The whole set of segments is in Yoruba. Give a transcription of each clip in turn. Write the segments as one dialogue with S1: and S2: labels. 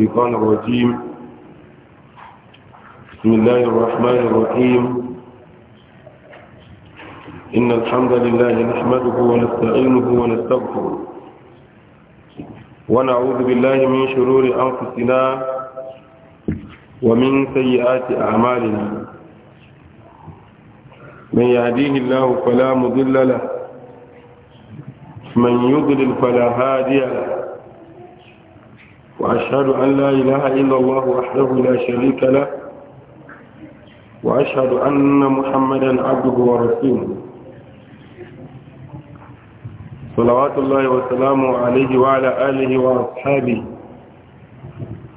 S1: الشيطان الرجيم بسم الله الرحمن الرحيم إن الحمد لله نحمده ونستعينه ونستغفره ونعوذ بالله من شرور أنفسنا ومن سيئات أعمالنا من يهديه الله فلا مضل له من يضلل فلا هادي له وأشهد أن لا إله إلا الله وحده لا شريك له وأشهد أن محمدا عبده ورسوله صلوات الله وسلامه عليه وعلى آله وأصحابه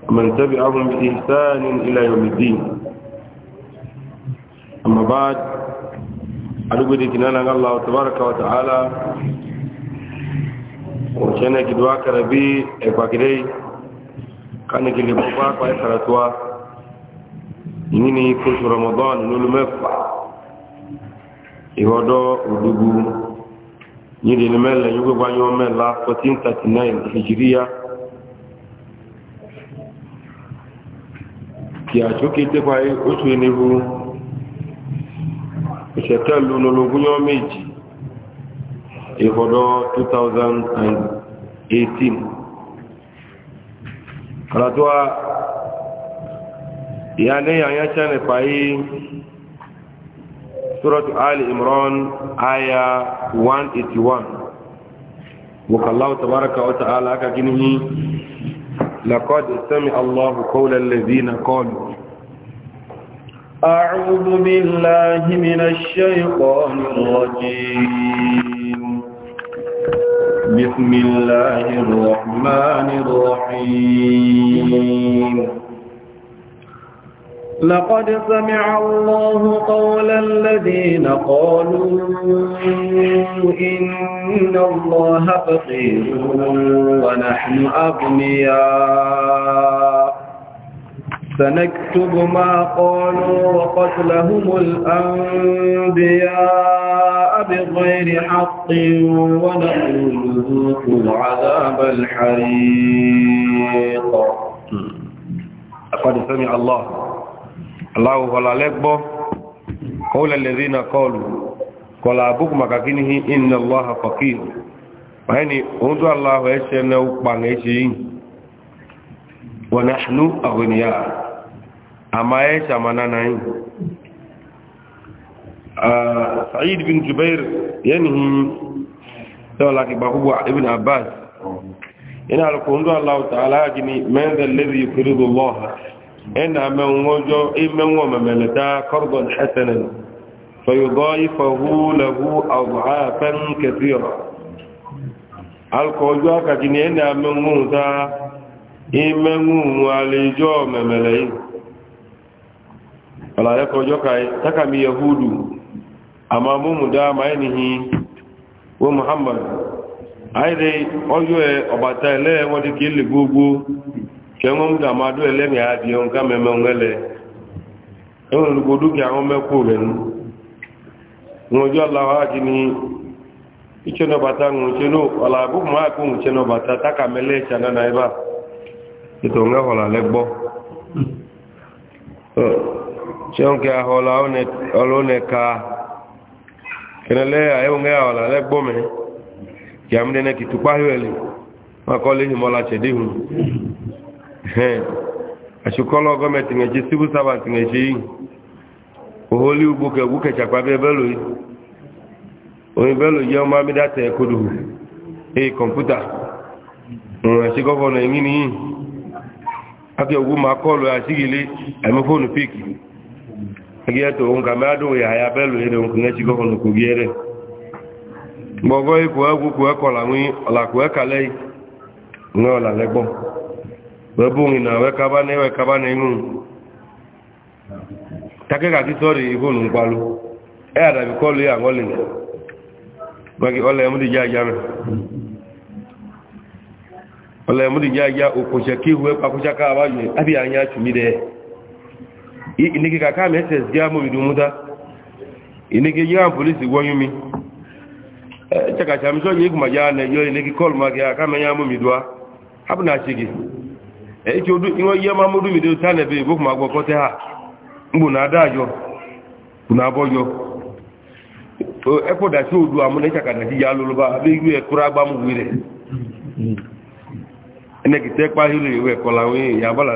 S1: ومن تبعهم بإحسان إلى يوم الدين أما بعد أرجو ديننا الله تبارك وتعالى وشنا كدواك ربي إكواكدي kani gele bo ba kwa sara tuwa nini kusu ramadan nulu mefa ihodo udugu nyiri ni mele yugo ba nyo mela 1439 hijria kia choki te kwa otu enibu ìṣẹ̀kẹ́lù lọ́lọ́gúnyọ́ méjì ìfọ̀dọ̀ 2018 karatuwa ìyálé àyá ṣẹ́nì fàyí suratu ali imran aya 181 wakallahu tabaraka wa ta'ala aka gini لقد سمع الله قول الذين قالوا
S2: أعوذ بالله من الشيطان الرجيم بسم الله الرحمن الرحيم لقد سمع الله قول الذين قالوا إن الله فقير ونحن أغنياء سنكتب ما قالوا وقتلهم الأنبياء بغير حق ونقول ذوقوا عذاب الحريق
S1: لقد سمع الله الله ولا لكبه قول الذين قالوا قال أبوك مكاكينه إن الله فقير يعني أنت الله يشير نوقبان يشير ونحن أغنياء amaisha manana hii uh, ah, Said bin Jubair yani dola kibakubwa ibn Abbas ina alikuondoa Allah Taala gini mendha alladhi yukridu Allah ina ina ọ̀làlẹ́kọ̀ ọjọ́ káyẹ takàmì yahudu àmà múmù dama ẹnihi wọ́n muhammad àìdè ọjọ́ ẹ ọ̀bàtà ẹlẹ́ wọ́n ti kí lè gbogbo kẹwọn mú dàmà dó nwoke àti ẹun ká mẹ́mẹ́ ń ẹlẹ́ ẹwọn olùgbò dúkìá wọn mẹ́kù rẹ̀ nù wọn ọjọ́ aláwọ̀ àti ní ìṣẹ́nà ṣeunke ahola oloneka kenele ayonge e ahola le gbome yamde ne kitupa hiweli makole ni mola chedihun he asukolo government ngeji civil servant ngeji oholi ubuke ubuke chakwa bebelo yi oyin belo ye o ma mi date kodu e computer ohun asi governor yin ni ake ogun ma kọlu asigile ẹmi fóònù gẹ́tò ohun kàmẹ́ àdúgbò yàyà bẹ́lù èrè ohun kìí ṣíkọ́ ọ̀nà kò gí ẹrẹ gbọ́gọ́ ikú ẹgbù kú ẹkọ̀ làkú ẹkàlẹ́ ní ọ̀là lẹ́gbọ́ wẹ́bù ìnà wẹ́kábá ní wẹ́kábá ní inú takẹ́kà tí sọ́ọ̀rì ìfóònù ń palu ẹ àdàbí kọ́ lé àwọn lè gbẹ́gì ọlẹ́ ẹmúdìjẹ́ ajá ẹ inige kaka mi ss gi amụ bido mụta inige yi ha polisi gwọnyụ mi echekacha m chọọ nye ihu ma gị a eyo inige kọl ma gị aka menye amụ a, hapụ na chi gị eche inwe ihe ma mụrụ mido ta na ebe igbo ma gwakọta ha mgbu na ada ajọ bụ na odu amụ na ji alụlụba abụ ihu e agba m gwire mm. enegite kpa we iwe kọla nwee ya agbala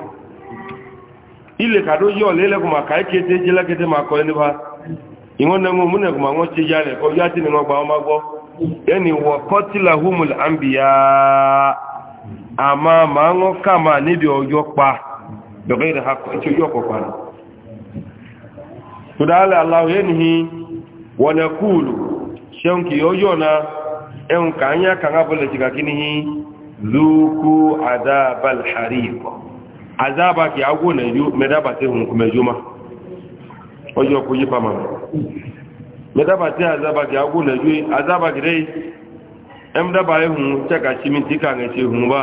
S1: ile kado yo lele kuma kai kete jila kete ma ko ni ba ingon na mu mune kuma ngo ci jale ko yati ni ngo ba ma go yani wa qatilahumul anbiya ama ma ngo kama ni bi ojo pa do gair hakko ci yo ko azaba ki agwo na yu medaba te hun kuma juma ojo pama azaba ki agwo na yu azaba ki dai em daba ye hun te ka chimi ti ka nge che hun ba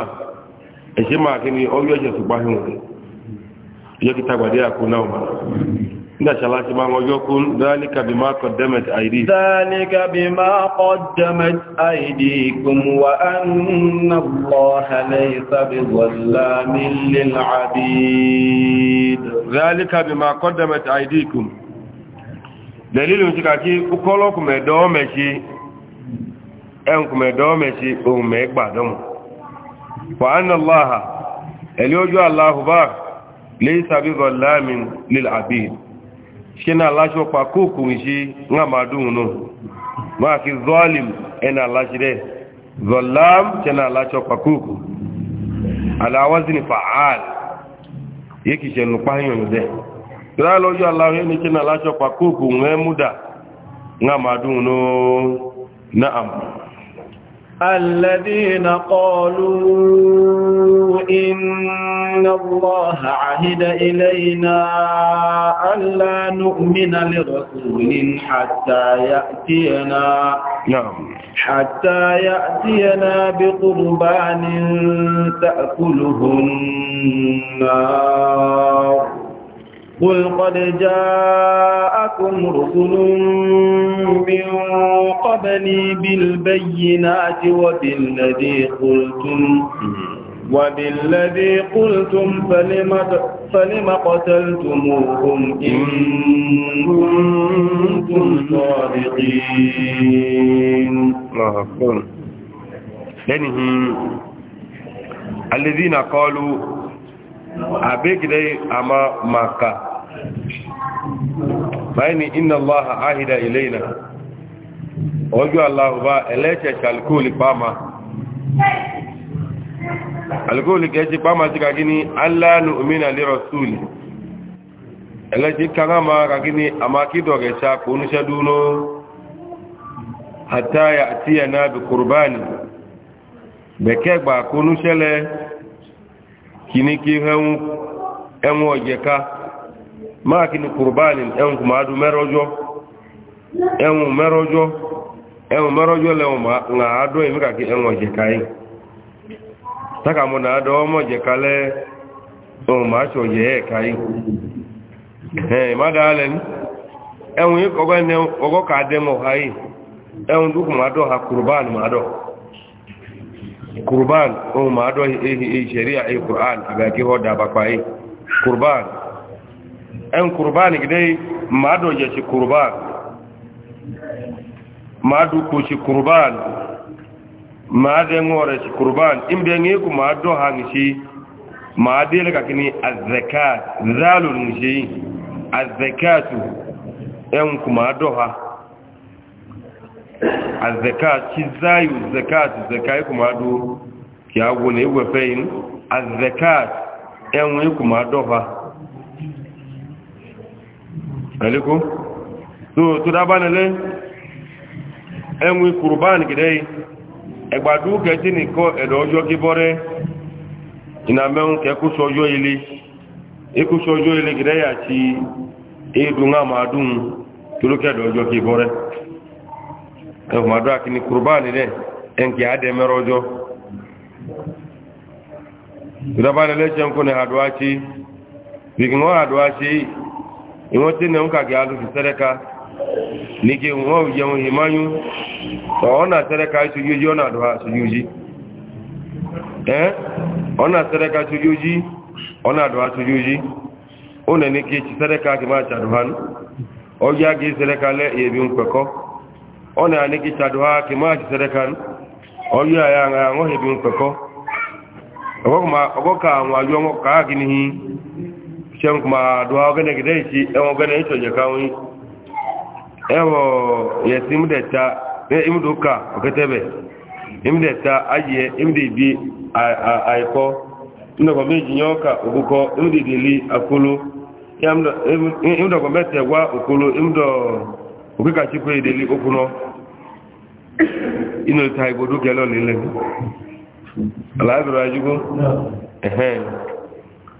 S1: e che ma kini ojo je su pa دشلاك ما وجوكم
S2: ذلك بما قدمت أيديكم ذلك بما قدمت أيديكم وأن الله ليس بظلام للعبيد ذلك بما قدمت أيديكم
S1: دليل شكاكي أقولكم دومشي أنكم دومشي أمك بعدهم وأن الله اليوجو الله بار ليس بظلام للعبيد ṣíkẹ́ náà láṣọ pa kóòkù ń ṣe ńlá máa dùn nù máa fi zọ́ọ̀lìm ẹ̀nà láṣírẹ̀ zọ́lám ṣẹ́ náà láṣọ pa aláwọ́sí ni faal, yé kì í ṣe nùpá yàn dẹ̀ tíra lọ́jọ́ aláwọ̀ ẹni ṣẹ́ náà
S2: الذين قالوا إن الله عهد إلينا ألا نؤمن لرسول حتى يأتينا نعم حتى يأتينا بقربان تأكله النار قل قد جاءكم رسل من قبلي بالبينات وبالذي قلتم وبالذي قلتم فلم فلم قتلتموهم إن كنتم صادقين الله أكبر
S1: يعني الذين قالوا أبيك دي أما مكة báyìí iná lọ́ha áhìdá ilé ìnà ọjọ́ aláhùbá ẹlẹ́ṣẹ̀ṣẹ̀ alkóòlì pàmà alkóòlì kẹ́ẹ̀ṣì pàmà sí kàkí ní aláàánú òmìnà lérọ̀ súùlì ẹlẹ́ṣì kanáàmà kàkí ní àmàkídọ̀gẹ̀ṣà kónúṣẹ́ dúró àtàyà àti ẹ̀nà bí kùrbánì ẹ̀wọ̀n ọ̀jẹ̀ká máàkì ní kùrùbáàlì ẹ̀hùn kùmà adùn mẹ́rọ́jọ́ ẹ̀hùn mẹ́rọ́jọ́ ẹ̀hùn mẹ́rọ́jọ́ lẹ́hùn nà adùn èmi kàkí ẹ̀hùn ọ̀jẹ̀ka yìí tákàmọ́ nà adùn ọmọ ọ̀jẹ̀ka lẹ́ ọ̀hùn máa ṣe ọ̀jẹ̀ ẹ̀ka yìí ẹ̀ má dáa lẹ́nu ẹ̀hùn yìí kọ́kọ́ kà á dẹ́ mọ̀ ọ̀ha yìí ẹ̀hùn dúkù má dọ̀ ha kurbani má dọ̀ kùrùbáàlì ọ̀hùn má dọ̀ ìṣẹ̀rí àìkùrán àbẹ̀kí họ́ dàbàpá yìí en kurban gidai ma do ya shi kurban ma du ko shi kurban ma de ngore shi kurban imbe ngi ku ma do hangi shi ma de le kakini az-zakat zalun shi az-zakatu en ku ma do ha az-zakat shi zayu zakat zakai ku ma do ki agwo ne wefe yin az-zakat en ku ma do ha aliku so to da bana le enwi kurban egbadu ni ko edo ojo ki ina meun ke ku sojo ile e ku sojo ile gidei ati edun turu ke edo ojo ki e ma do akini kurban de en ki ade to da chen ko ne adwa ti bi adwa ti inweta ne m ka ga-alụgidere sereka n'ike nwe oyi enweghị ọ na sereka ka oji ọ na-adụ ha oji ee ọ na-asịrị ka asụghị ọ na-adụ ha oji ụnụ n'ike chisere ka gị ma ha a ga-esere ka ebi ọ na n'ike ha ka ma sereka a ya aṅụghị ebi mkwekọ ọgwọ ka ka ha gị n'ihi tiɲɛ kuma duwa gɛnɛ gɛdɛ ci ɛwɔ gɛnɛ i tɔjɛ kan yi ta ne imu do ka o kɛtɛ bɛ imu de ta imu de bi a yi kɔ ndɔgɔ mi jiɲɔ ka o ko imu de deli a imu mɛ tɛ wa imu dɔ o kɛ ka ko ye deli ta ibodu o le lɛ ala yɛ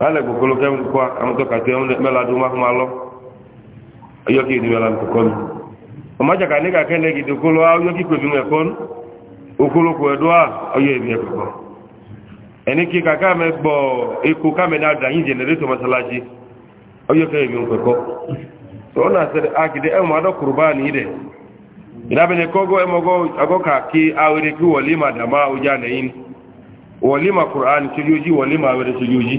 S1: ala gbogbo kẹ ń kọ àmọtọ kàtẹ mẹla dùn máa ma lọ ọyọ kí ènìyàn la kọkọ mi ọmọ àjàkà ní kàkẹ́ ní gidi okolo ọyọ kí pèmí mẹ kọ́nu okolo kò ẹ̀dọ́ à ọyọ ènìyàn kọkọ ẹni kí kàkà mẹ gbọ eko kàmẹ ní adà yín jẹnẹrétọ mọsálásí ọyọ kẹ ènìyàn kọkọ tó ọ náà sẹdẹ àgìdẹ ẹwọn adọ kùrùbá nìyí dẹ ìdábẹni kọgọ ẹmọgọ agọkà kí awere kí wọlé mà dàmà ọjà nẹyìn wọlé mà kùrán kí yóò jí wọlé mà awere kí yóò jí.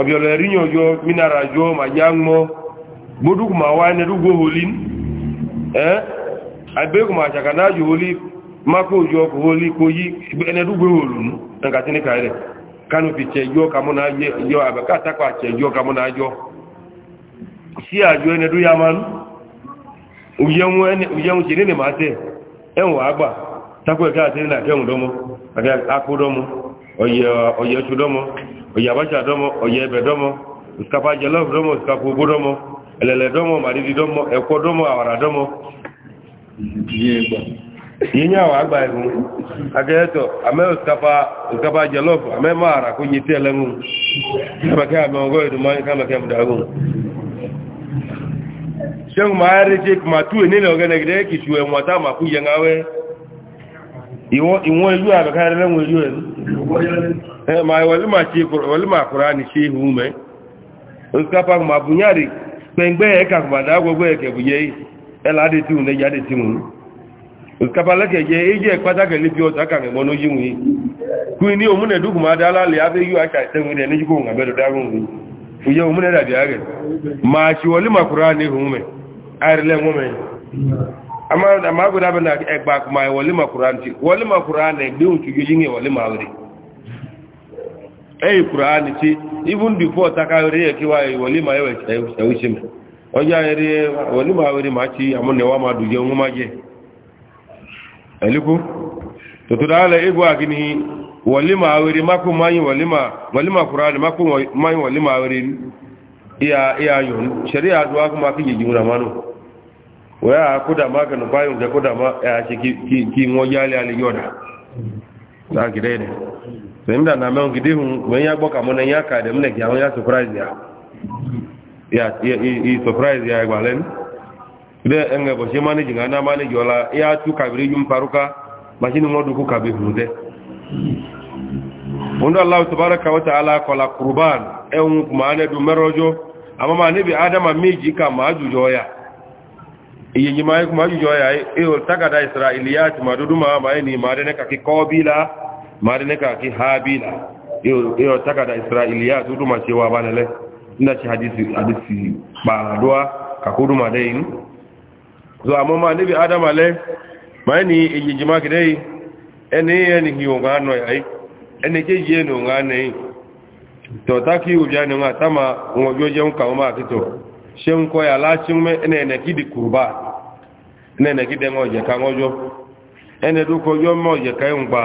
S1: ọbịọla rinye ọjọ minara jụọ ma ya ṅụọ gbodugwu ma wa nerugwo holi ee abegwu ma chaka na ajụ holi maka ojọ kụ holi kpoyi enerugwo holu nka tinịka ire kanopi chejọ ka mụ na ajọ abaka atakwa chejọ ka mụ na ajọ si ajọ eneru ya manụ uyenwu chiri ne ma te enwe agba takwa eke atịrị na kenwu domo akụ domo oye oye chu domo oyabacha domo oyebe domo uskapa jolof domo uskapa ugu domo elele domo maridi domo eko domo awara domo yinye awa agba ihu agaeto ame uskapa uskapa jolof ame mara kunyi tele mu kameke ame ogo iduma kameke mdagu sẹ́gun máa rí ṣe máa tú è nílẹ̀ ọ̀gẹ́nẹ̀ gẹ́gẹ́ kìí ṣù ẹ̀wọ̀n tá ìwọ̀n ìlú àbẹ̀ká ìlú ẹ̀lú Eh, ma welima kwụran chi ihu ume ma bụnyari e e ya ka kụmada agwagwo eke ya ela dịtị une ji adịtị nwụ osikapa leke je iji ekpata kele pi otu aka ga-egbo n'oji nwunye kwini omune dukwu ma adala li abe yu ọ ite nwere n'ejikwa ụnga bedo dagụ nwunye uye omune dabi aghe ma chi welima ihu ume ayịrịla enwe me ama na ti ji nye ẹ̀yìn kùránì tí even before takayọrí ẹ̀kí wa ìwọlé máa ẹ̀wẹ̀ ṣẹ̀wúṣẹ́ mi ọjọ́ ẹ̀rí ìwọlé máa wẹ̀rí máa ti àmúnẹ̀wá máa dùn jẹ́ ohun máa jẹ́ ẹ̀líkú tòtò dáhàlẹ̀ egbò àgíní ìwọlé máa wẹ̀rí mákò máyìn wọlé máa kùránì mákò máyìn wọlé máa wẹ̀rí ìyàyọ̀ ṣẹ̀rí àdúrà kó máa kíjì jìun ràmánù wẹ́ àkódà máa kẹnu báyìí ṣe kódà senda na mɛ nkidi hun mɛ nya gbɔ kamɔ na nya ka dɛm na kia nya surprise ya ya i surprise ya gba lɛn de ɛŋɛ bɔ se manage nga na manage wala i y'a tu kabiri paruka machine ŋɔ duku kabi hun dɛ mundo allahu tabaraka wa ta'ala kola kurban ɛŋ e kuma ne du adama meji ka e, e, ma jujɔ ya iye nyima ye kuma jujɔ ya e o ni ma kaki kɔɔbi la mari ne ka ki habila iyo takada israiliya tu duma cewa ba lale inda shi hadisi hadisi ba duwa ka kudu ma dai zo amma ma nabi adam ale mai ni ijijima ki dai eni ni ki yonga no ai eni ke je no nga nei to taki uja no nga tama ngojo je nka ma kito shen ko ya la chin me ene ene ki di kurba ene ene ki de ngoje ka ngojo ene du ko yo mo je kai ngba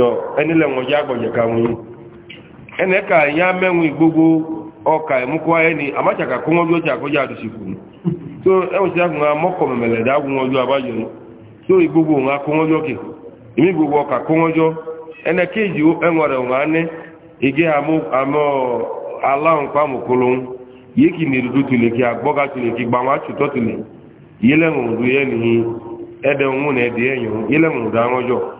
S1: tọ ẹni lẹ́wọ̀n ya ka wọn ẹni ẹ̀ka ya mẹ́wọ̀n gbogbo ọkà ẹ̀múkọ́ ẹni àmájàkà kó wọ́n lójà kó yá àdùsí kù tó ẹ̀wọ̀n ti àkùnrin amọ́kọ̀ mẹ̀mẹ̀lẹ̀ dágùn wọn lọ abájọ ni tó ìgbogbo wọn kó gbogbo ọkà kó wọ́n lọ ẹni kéjì ẹ̀wọ̀n rẹ̀ wọn anẹ́ igi àmọ́ aláwọn pàmò kolóhun yìí kì ní dúdú tulẹ̀ kí agbọ́gá tulẹ̀ kí gbàmọ́ àtútọ́ yẹn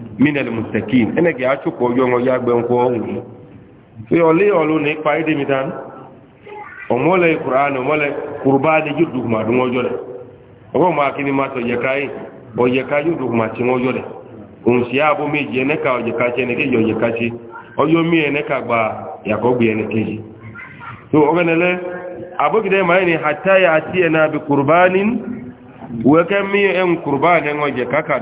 S1: minal mustakin ene ke achuko yongo yagbe nko ohun to yo le yo lo ni pa ide mi tan o mole qur'an o mole qurbani juddu ma du ngojo le o ma kini ma to ye kai o ye kai ti ngojo le un abo mi je ne ka o je ka che ne ke mi ene ka gba ya ko gbe ene keji to o benele abogide ma ni hatta ya ati ena bi qurbanin weke mi en qurban en o je ka ka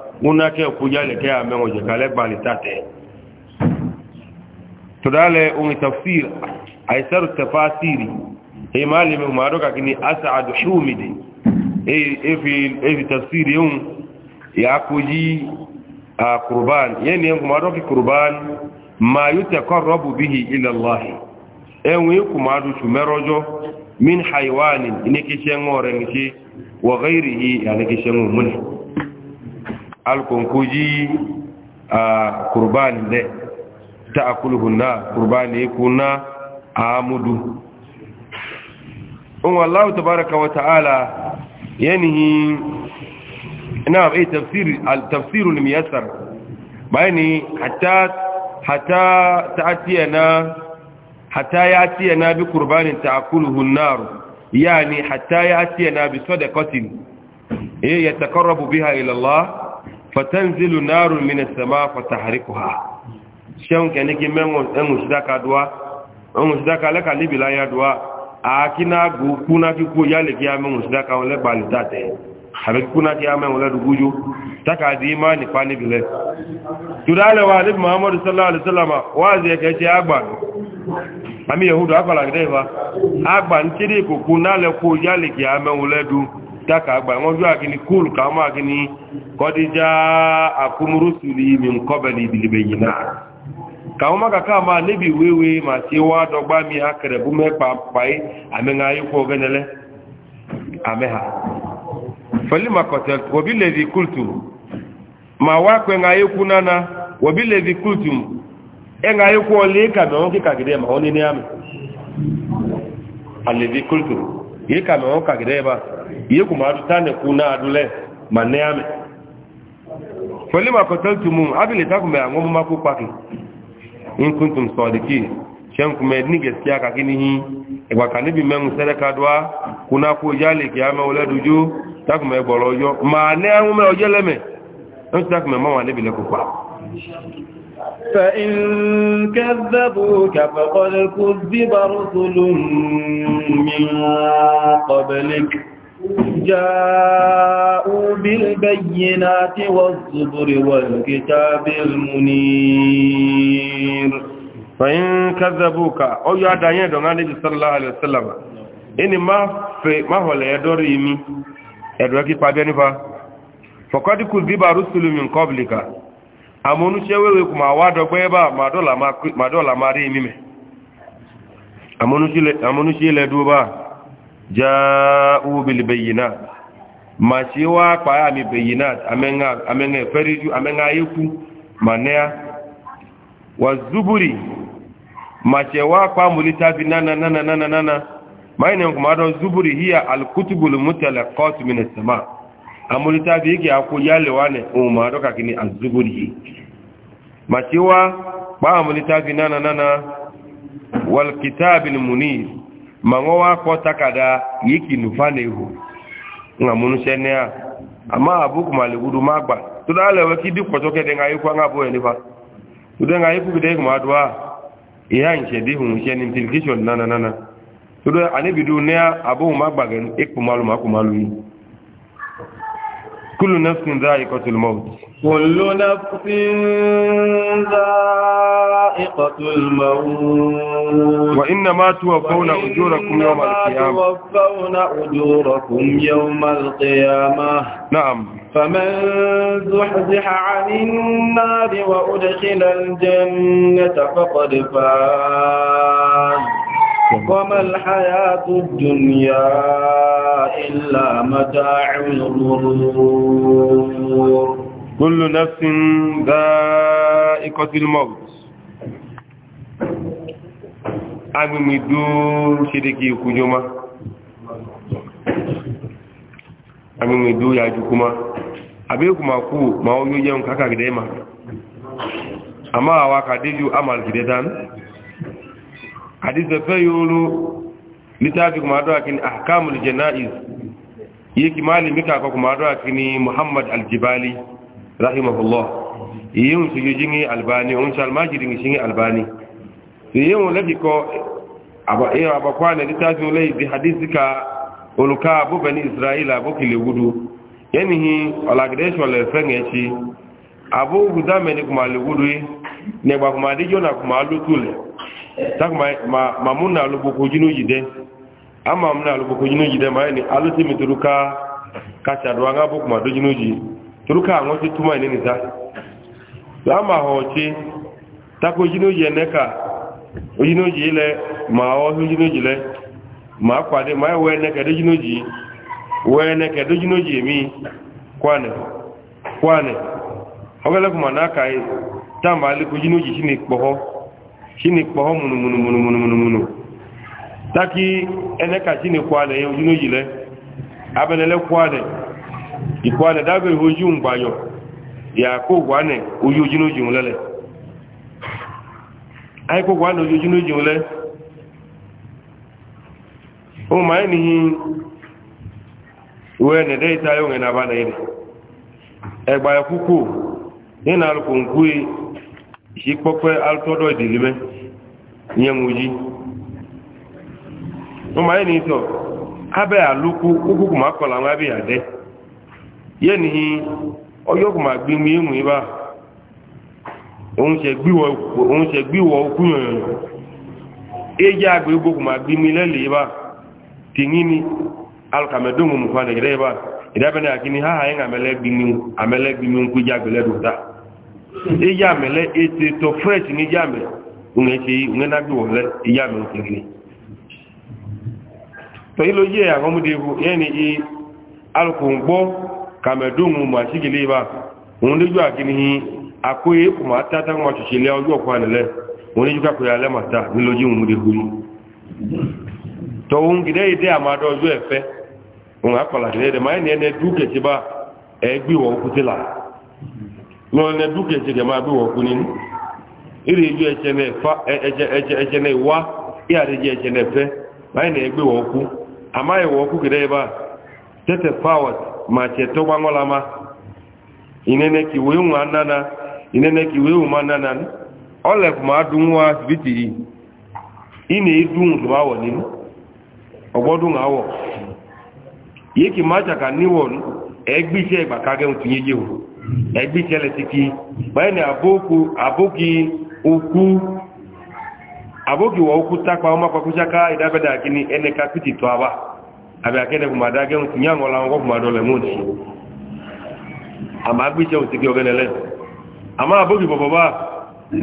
S1: ŋunake kujale ke amengo jekale bali tate tudale ungi tafsir aisaru tafasiri e malime maroka kini asad humidi e efi efi tafsiri un ya kuji a qurban yani yangu maroka qurban ma yutaqarrabu bihi ila allah enwe kumadu chumerojo min haywanin inekishe ngore ngishi wa ghairihi yani alkonkoji a kurbani ne ta akuluhunna kurbani kuna a mudu in wallahu tabaraka wa ta'ala yanihi ina bai e, tafsir al-tafsirul miyassar bayani hatta hatta ta'tiyana hatta ya'tiyana bi qurbanin ta'kuluhu an-nar yani hatta ya'tiyana bi sadaqatin eh yataqarrabu biha ila Allah fatanzilu narun min as-samaa fatahrikuha shan kene ki mengo engu sidaka dua engu sidaka la ka libila ya dua akina gu kuna ki ko yale ki amu sidaka wala balitate habe kuna ki amu wala duguju taka di imani pani bile tudale wa ali muhammad sallallahu alaihi wasallama wazi ke ti agba ami yahudu akala gideva agba ntiri ko kuna le ko yale ki amu wala du taka agba wọn yóò agini kúl ká mọ́ agini kọ́díjá àkúmúrúsùlì mi ń kọ́bẹ̀lì ìdìlẹ̀bẹ̀ yìí náà ká wọ́n máa kàkà máa níbi wéwé máa ṣe wá dọ́gbá mi akẹrẹ̀ bú mẹ́pa pàì àmẹ́ngà ayékọ́ ọgẹ́nẹlẹ́ àmẹ́hà pẹ̀lú màkọ̀tẹ̀ wọ́bí lèvi kúltùm máa wá pẹ̀ngà ayékú náà wọ́bí lèvi kúltùm ẹ̀ngà ayékú ọlẹ́ kàmẹ́wọ́n iye kuma adu tane kuna adule mane ame fali ma qataltum abile takum ya ngomu maku paki in kuntum sadiki shen kuma ni gaskiya ka kini hi e gwa kanibi men sadaka dua kuna ko jale ki ame wala duju takum e gboro
S2: yo ma ne
S1: anwu me ojele me on takum ma wa ne bile ko pa
S2: فإن من جاءوا بالبينات والزبر والكتاب المنير فإن كذبوك أو يعدان يدون عن نبي صلى الله
S1: عليه وسلم إني ما في ما هو ليدور يمي يدوك يبابيني فا فقد كذب رسل من قبلك أمونو شويك ما وادو بيبا ما دولا ما ري يمي أمونو شي لدوبا أمونو شي لدوبا ja'u bil bayyinat ma ci wa pa ami bayyinat amenga amenga feriju amenga yiku manea wa zuburi ma ci wa pa mulita bi nana nana nana nana maina kuma do zuburi hiya al kutubul mutalaqat min as-sama amulita bi ki aku yale wane o ma do kakini az-zuburi ma ci wa pa mulita bi nana nana wal kitabil munir Mango wa wá kọ takada yìí kì nùfà ní ihò ńlá múnusẹ ní à àmà àbúkù màlẹ gudu má gbà tó dá lẹwẹ kí bí pọtọ kẹdẹ ńlá ikú ńlá bọ ẹ nípa tó dá ńlá ikú kẹdẹ ńlá máa dùn à ìyá ìṣẹ dé hùn iṣẹ ní tẹlifíṣọ̀n nánà nánà tó dá àníbìdú ní àbúkù má gbà gẹ ní ekpò màlúmàkù màlú yìí.
S2: كل نفس ذائقة الموت كل نفس ذائقة الموت وإنما توفون أجوركم يوم القيامة توفون أجوركم يوم القيامة نعم فمن زحزح عن النار وأدخل الجنة فقد فاز وما الحياة الدنيا إلا متاع الغرور كل نفس ذائقة
S1: الموت agbemidu ṣedeke kujoma agbemidu yaju kuma abe kuma ku ma oyo jẹun kakagide ma amma awa kadeju amal gidedan hadith fe yolu nitaji kuma do akini ahkamul janaiz yiki mali mika ko kuma do akini muhammad aljibali rahimahullah yiyun su yijingi albani un salmajiri ngishingi albani yiyun ladi ko aba e aba kwana nitaji le di hadith ka uluka bu bani israila bu kile wudu yani hi abu gudameni kuma ne ba kuma dijona tak ma ma mun na lubu ko jinu jide amma mun na lubu ko jinu jide ma ni alusi mi turuka ka cha do anga buk ma do jinu ji turuka ngo ti tuma ni ni ta la ma ho chi ta ko jinu je ne ka o jinu ji le ma o jinu ji le ma kwa de ma we ne ka do jinu ji we ne ka do jinu ji mi kwane kwane ogele kuma na kai e, tamba ali ko jinu ji ni kpoho chini kpọọ munumunumunumunumunumunu taki ene ka chini kwale ye ojuno yile abenele kwale ikwale dabe hoju ngbayo ya ko gwane oju ojuno junlele ai ko gwane oju ojuno junle o ma ni we ne dei naba ngena bana ile egba kuku ina ìṣí pọ́pẹ́ altọ́dọ̀ nye mẹ́ ìyẹn mú yí wọ́n máa ní ìtọ̀ abẹ́ àlúkú kúkú máa kọ̀ láwọn abẹ́ àdẹ́ yẹ́ ni ọjọ́ kò máa gbí mú ìmú ibá òun ṣe gbíwọ̀ okú yọ̀nyọ̀n éjẹ́ àgbẹ̀ igbó kò máa gbí mú ilẹ́lẹ̀ ibá tìyí ni alùkàmẹ́dóhùn mú fún àdẹ̀gẹ́dẹ́ ibá ìdábẹ́ni àkíní háhà yẹn nkwụ iyame lɛ ete tɔ fresh ni iyame ŋun ɛsɛ yi ŋun ɛnagbe wɔ lɛ iyame o tɛgɛ tɔyilo yie akɔmude ko yɛni i alukun gbɔ kamɛdonu mu asigili ba ŋun de ju akini hi akoye kuma lɛ ɔju lɛ ŋun de ju ma ta ŋun de yi de ama dɔ ju ɛfɛ ŋun de ma yɛni ɛnɛ du kɛse ba ɛgbi wɔ kute la. lọ́nà dúkìá ẹ̀ṣẹ̀ jẹ̀mọ́ àbí wọ̀ fún nínú ìrì ìjọ ẹ̀ṣẹ̀ náà wá ìyàrí jẹ́ ẹ̀ṣẹ̀ náà báyìí náà gbé wọ̀ kú àmá ìwọ̀ kú kìdá yìí tẹ́tẹ̀ fáwọ̀t mà ṣe ma ìnẹ́nẹ́ kì wéhùn máa nánà ìnẹ́nẹ́ kì wéhùn máa nánà ọ̀lẹ̀ kù máa dùn ẹgbẹ́ kẹlẹ̀ ti kí báyìí ni àbókì wọ okú tápa ọmọ pàkúṣáká ìdábẹ́dà kí ni ẹni ká pìtì tó àbá àbí akẹ́dẹ̀ kùmà dágẹ́hùn ti yàn ọ̀la ọkọ̀ kùmà dọ̀lẹ̀ mọ́ òtì àmà gbé iṣẹ́ òtì kí ọgẹ́nẹ̀lẹ́ àmà àbókì bọ̀bọ̀ bá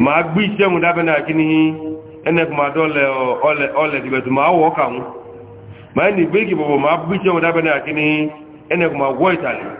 S1: mà gbé iṣẹ́ òun dábẹ́dà kí ni ẹni kùmà dọ̀lẹ̀ ọlẹ̀ tìbẹ̀tù mà wọ̀ ọkà wọn mà ẹni gbé kì bọ̀bọ̀ mà gbé iṣẹ́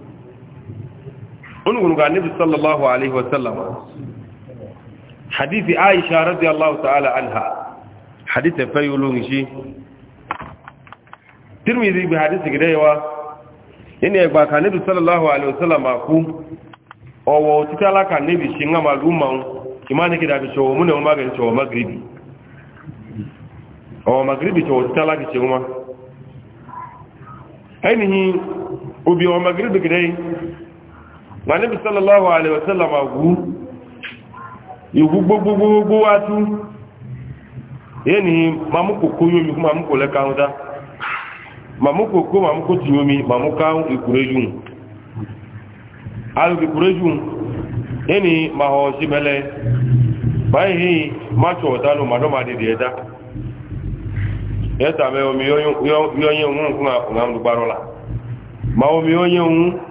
S1: onugunuga nabi sallallahu alaihi wasallam hadithi aisha radiyallahu ta'ala anha hadithi fayulun shi tirmidhi bi hadithi gidewa yini egba ka nabi sallallahu alaihi wasallam ku owo titala ka nabi shi ngama luma imani kida bi chowo mune mu magari chowo magribi owo magribi chowo titala ki chuma ainihi ubi o magribi gidei ma níbi sallallahu alaihi wasallam agwu igwu gbogbogbogbo atu yẹni mamukoko yomi fún mamuko lẹ́kàáhùn dá mamukoko mamuko ti yomi mamukaahun ìkúrẹ́jùn alùpùpù ìkúrẹ́jùn ma mahọ̀ sí mẹ́lẹ́ báyìí ma ọ̀dánù màdọ́màdìdì ẹ̀dá ẹ̀ta mẹ́ omi yọ́yẹ́ òun fún àmúgbárọ́lá ma omi yọ́yẹ́ òun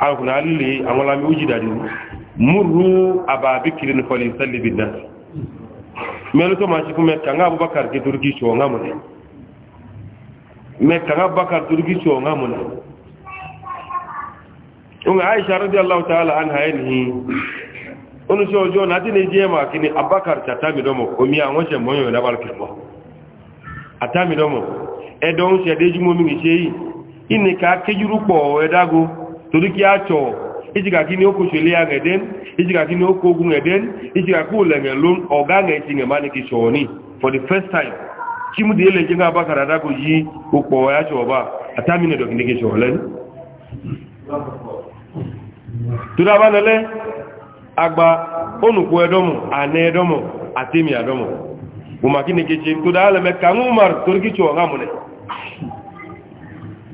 S1: alkuna alili àwọn lami ó jìdà dìí múrú àbábíkiri ní fọlì sẹ́lẹ̀bì náà mẹ́lú tó máa ṣe fún mẹ́ka ní abubakar kí turkey ṣọ́ ọ̀nà múnẹ̀ mẹ́ka ní abubakar turkey ṣọ́ ọ̀nà múnẹ̀ ọ̀nà aisha rọ́dí an abubakar torí kí a tsọ ìjìká kí ni ó kó ṣẹlẹ̀ ya ẹ̀dẹ́n ìjìká kí ni ó kó ogun ẹ̀dẹ́n ìjìká kó lẹ̀ngẹ̀ ló ọ̀gá ẹ̀ ti ẹ̀má ní kí sọ̀rọ̀ ní for the first time kí mú délé jẹ́ náà bá kàràdá kò yí òpò ọ̀yá tsọ̀ ọba àtàmìnà dọ̀kì ní kí sọ̀rọ̀ lẹ́nu.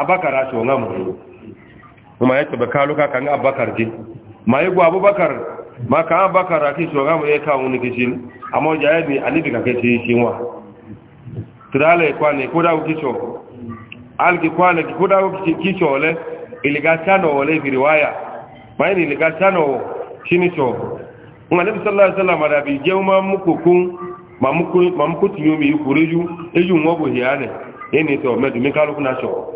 S1: abakar aso nga mu kuma ya tabe kalu ka kan abakar ji ma yego abubakar ma kan abakar aki so nga mu ye ka woni kishin amma ja ni alibi ka kishi shinwa tirale kwa ni koda ukisho algi kwa ni koda ukisho le iligatano ole riwaya ma ni iligatano shinicho nga nabi sallallahu alaihi wasallam da bi jeuma mukukun mamukun mamukun tiyumi yukureju eju ngobo hiane eni to medu mikalu kuna sho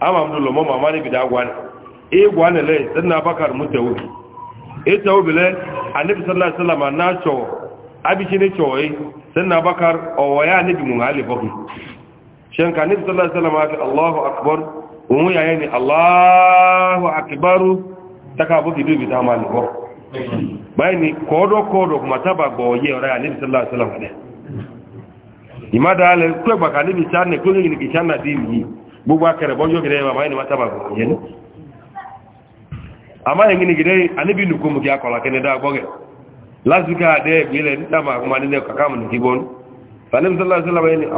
S1: ama m dụlụ mama ma nebida agwa ịgwa nele sanna bakar mutawu itawu e bile anabi sallallahu alaihi wasallam na cho abishi ne cho yi e, sanna bakar owoya anabi mun hali boki shan ka anabi sallallahu alaihi wasallam Allahu akbar umu yaye ni Allahu akbar taka boki dubi ta mali bok bayani kodo kodo kuma taba goye ora anabi sallallahu alaihi wasallam ne imada ale kwegba ka anabi sanne ko ngi ni dimi gbogbo akẹrẹ bọ́jọ́ gẹ̀rẹ́ bàbá ẹni wátàbà kò yẹn ní àmá ẹ̀yìn gẹ̀rẹ́ aníbi nùkú mú kí akọ̀lá kẹ́ni dá gbọ́gẹ̀ lásìkò àdé ìgbélẹ̀ nígbàmà àkùnmá nílẹ̀ kàkàmù nìkí bọ́n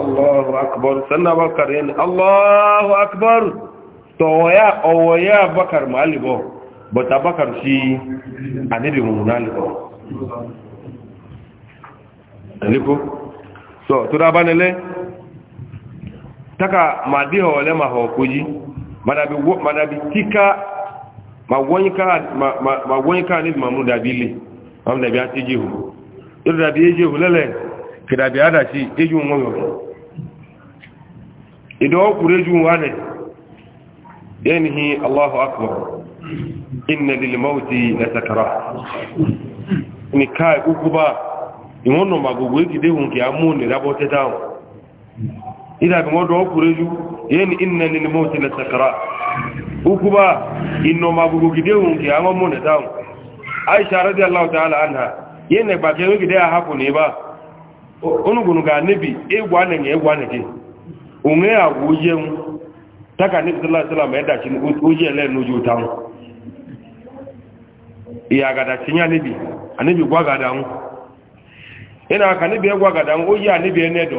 S1: allahu akbar sanna abakar ẹni allahu akbar tọ̀wọ̀yà ọ̀wọ̀yà abakar mà alìbọ̀ bọ̀tà abakar sí aníbi mú nà alìbọ̀ ẹ̀lẹ́kọ́ sọ taka madi ho le ma ho koji madabi madabi tika ma wonka ma wonka ni mamu dabili am da bi atiji hu ir da bi eje hulele kida bi ada shi eju ngoyo ido kureju wane yanhi allahu akbar inna lil mauti lasakara ni kai ukuba iwono magugu ikide hun ki amuni rabo tetao ida ga modo okureju yen inna lil maut na sakara ukuba inno magugu gide unke amo mona taw ba ke gide ha ko ne ba onu gunu ga nabi e gwa ne e gwa ne ke unwe awoje un taka nabi sallallahu alaihi wasallam le iya ga da cinya nabi anabi gwa ga da un ina ka nabi ga da o ne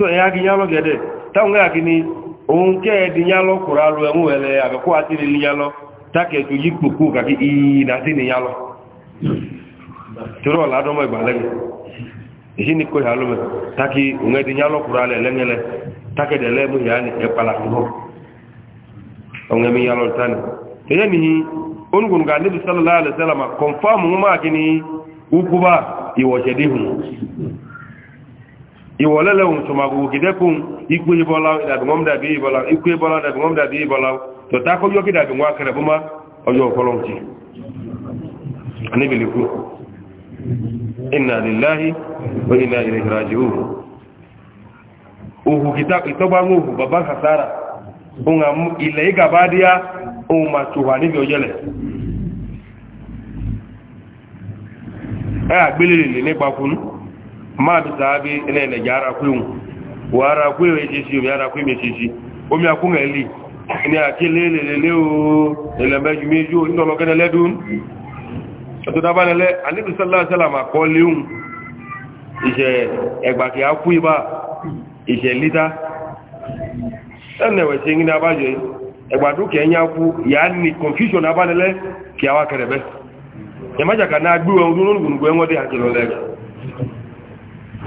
S1: so ẹ̀yà kí yálọ́ gẹ̀dẹ̀ táwọn ẹ̀yà kí ni òun kẹ́ẹ̀dì yálọ́ kùrà lọ ẹ̀mú ẹ̀lẹ́ àkọ́kọ́ àti ilé yálọ́ tákẹ̀ẹ́tù yí pòpò kàkí ìyìnà sí ni yálọ́ tọ́rọ ládọ́mọ̀ ìgbàlẹ́gẹ̀ èyí ni kò yà lọ́mọ̀ tákì òun lẹ́ngẹ̀lẹ́ tákẹ̀dẹ̀ ni ni ìwọ̀lẹ́lẹ̀ ohun tó máa gbogbo kìdẹ́kùn ikú ìbọ́lá ìdàbìwọ́n dàbí ìbọ́lá ikú ìbọ́lá ìdàbìwọ́n dàbí ìbọ́lá tọ̀tá kó yóò kìdàbì wọn akẹrẹ fún má iná iná ìrìnàjò òhù òhù bàbá ilẹ̀ ìgàbádíá ohun ma bi sahabi ina ina gyara kuyun wara kuyo ya shishi omi ara kuyo mai shishi omi a kun eli ni a ke lele lele o elembe ju meju o nínú ọlọ́gẹ́nẹ lẹ́dún ọ̀tọ́ dábánilẹ́ anibi sallásalam akọọlẹ́hun iṣẹ́ ẹgbàkì akú ibá iṣẹ́ lita, ẹnẹ̀wẹ̀ ṣe ní abájọ ẹgbàdókè ẹ̀yà kú yà ní confusion abánilẹ́ kí a wá kẹrẹ̀bẹ́ ẹ̀májàkà náà gbíwẹ̀ ọdún lórúkùnrin ẹwọ́dẹ́ àkìlọ́lẹ́rẹ̀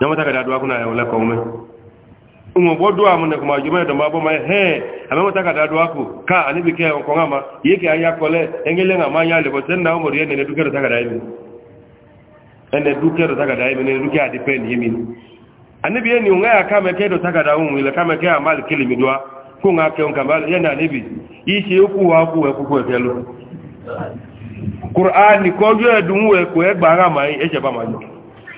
S1: nyama ta kada duwa kuna ya wala kaume umu bo duwa mun ko ma jume do ma ma he ame mo ta kada duwa ku ka ani bi ke ko ngama yeke aya kole engele ngama ya le bo sen na umu riene ne duke do ta kada yimi ene duke do ta kada yimi ne duke adi pen yimi anibi yeni unga ya kame ke do ta kada umu ile kame ke amal kilimi duwa ku nga ke unka bal yena anibi ishi ku wa ku e ku ku e kelo qur'ani ko jo edun we ma jo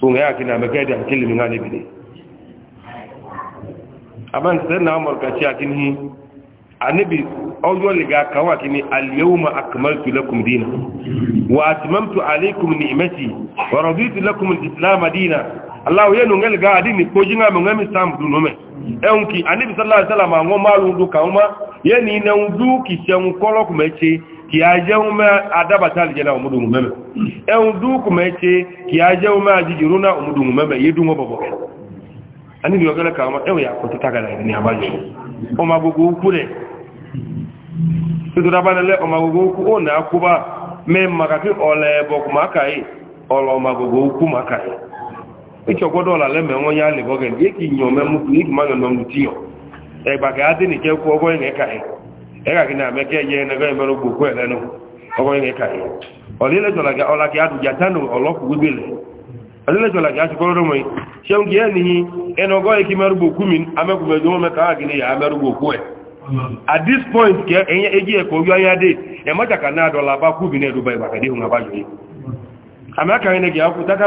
S1: bunga yake na makaidi akili mingani bide aman sanna amr ka ci akin hi annabi awjo liga kawa kini al yawma akmaltu lakum dinakum wa atmamtu alaykum ni'mati wa raditu lakum al islam dina allah yenu ngal ga adini ko jinga mo ngami sam du nome enki annabi sallallahu alaihi wasallam ngoma lu du kauma yeni ne ndu ki sen kolok mechi kì a jẹ́ ohun mẹ́ adábàtà àlìjẹ́nà òmùdùnmù mẹ́mẹ́ ẹ̀hùn dúkù mẹ́ ṣe kì á jẹ́ ohun mẹ́ àjíjìrún náà mẹ́mẹ́ yé bọ̀bọ̀ a níbi ọgẹ́lẹ́ kàwọn ẹ̀hùn yà kọ́ tó tágàdà ní àbájọ ọmọ agogo ukú rẹ̀ tuntun abánilẹ́ ọmọ agogo ukú ó nà á kú bá mẹ́ màkàkí ọ̀lẹ̀ ẹ̀bọ̀ kùmákàyè ẹ̀ka kí ní àmẹ́kẹ́ yẹ ẹnẹgbẹ́ ìmẹ́rọ gbòkó ẹ̀ lẹ́nu ọkọ̀ yẹn ká yẹ ọ̀lẹ́lẹ́jọ̀làgẹ́ ọlákẹ́ àdùjà tánù ọlọ́kù gbígbé lẹ̀ ọ̀lẹ́lẹ́jọ̀làgẹ́ aṣọ́kọ́rọ́ mọ́ ṣeun kí ẹni yìí ẹnà ọgọ́ yìí kí mẹ́rọ gbòkú mi amẹ́kùnmẹ́jọ mọ́ mẹ́ta àgìní yà mẹ́rọ gbòkú ẹ̀ at this point kẹ ẹyẹ e e eji ẹkọ yọ anya dé ẹ mọ́jàkà náà dọ̀là bá bi náà ẹ̀dùbà ìbàkàdé hùn abájọ yìí àmì akàrin nìkì tákà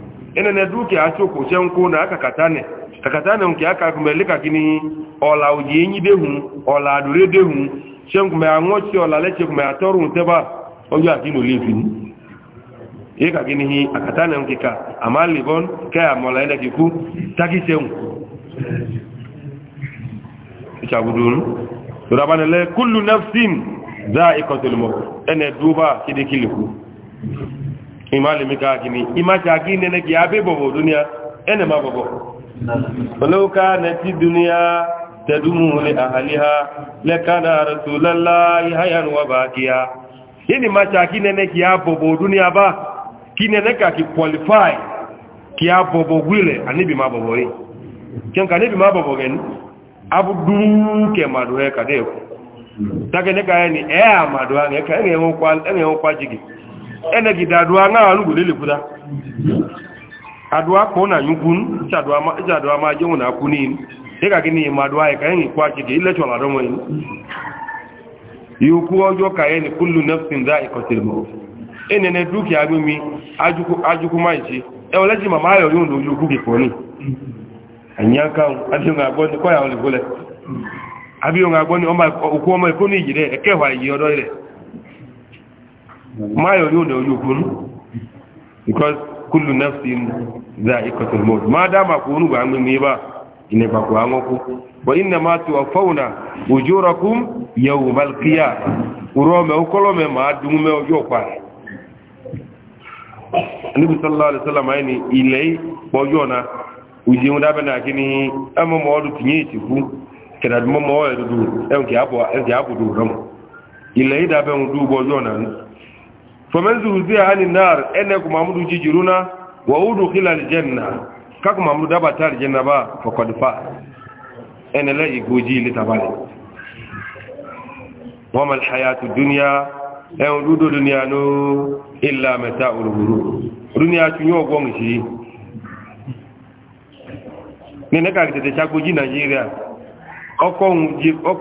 S1: enene duke achoko che nkwụ na aka katane kakatane nke aka kumele ka ọla ola uji enyi dehu ola adure dehu che nkume anwochi ola leche kume atoru nteba oyo akini olifin ye ka kini hi akatane nke ka amali bon ke amola ene kiku taki cheun ichagudun turabane le kullu nafsin dha'iqatul maut ene duba kidikiliku imalimi kakini imacha kine ne ki abi bobo dunia ene ma bobo walau kana ti dunia tadumu li ahliha la kana rasulullahi hayan wa baqiya yini macha kine ne ki abobo dunia ba kine nene ka ki qualify ki abobo wile anibi ma bobo yi ken ka nibi ma bobo gen abudu ke maduhe kadeko take ne ka ni e amadu an e ka ne won kwa ne won kwa jigi ẹnẹgide àdúrà náà alùgbò lè lèkúdá àdúrà pọ̀ náà yúnkún ìṣàdúrà máa jẹun náà kú ní inú díkà kí ní ìmọ̀ àdúrà ẹ̀kà ẹ̀yìn kó àkìkì ilẹ̀ṣọ̀ àdọ́mọ̀ inú yòókù ọjọ́ kàyẹ́ ní kúlù nẹ́fìn dá ìkọ̀sẹ̀lẹ̀mọ̀ ẹnẹ̀nẹ̀ dúkìá gbẹ̀mí ajúkú máa ṣe ẹwọ lẹ́jì màmá ayọ̀ yóò lò yóò kúkì pọ̀ ní àyíyánkáhùn abíyọ̀n àgbọ́ ní kọ́yà olùgbọ́lẹ̀ abíyọ̀n àgbọ́ ní ọmọ ìkó ní ìyì rẹ̀ ẹ̀kẹ́wàá ọdọ́ rẹ̀ mayo yóò dẹ̀ ojú kún because kullu nafsin za'iqatul maut ma dama ko nu ba mun ne ba ina ba ko an ko wa inna ma tuwaffawna ujurakum yawmal qiyamah uro me okolo me ma dun me ojo pa nabi sallallahu alaihi wasallam ayni ilay bojona ujiun da bana kini amma mo odu tinye tiku kada mo mo odu en ki abo en ki bojona faman zuziya anin nar ene kuma mudu jijiruna wa udkhila aljanna ka kuma mudu daba ta aljanna ba faqad fa ene la iguji li tabale wa mal hayatu dunya en dudu dunya no illa mata'ul ghurur dunya tunyo gon shi ne ne ka tete chagoji nigeria ọkọ̀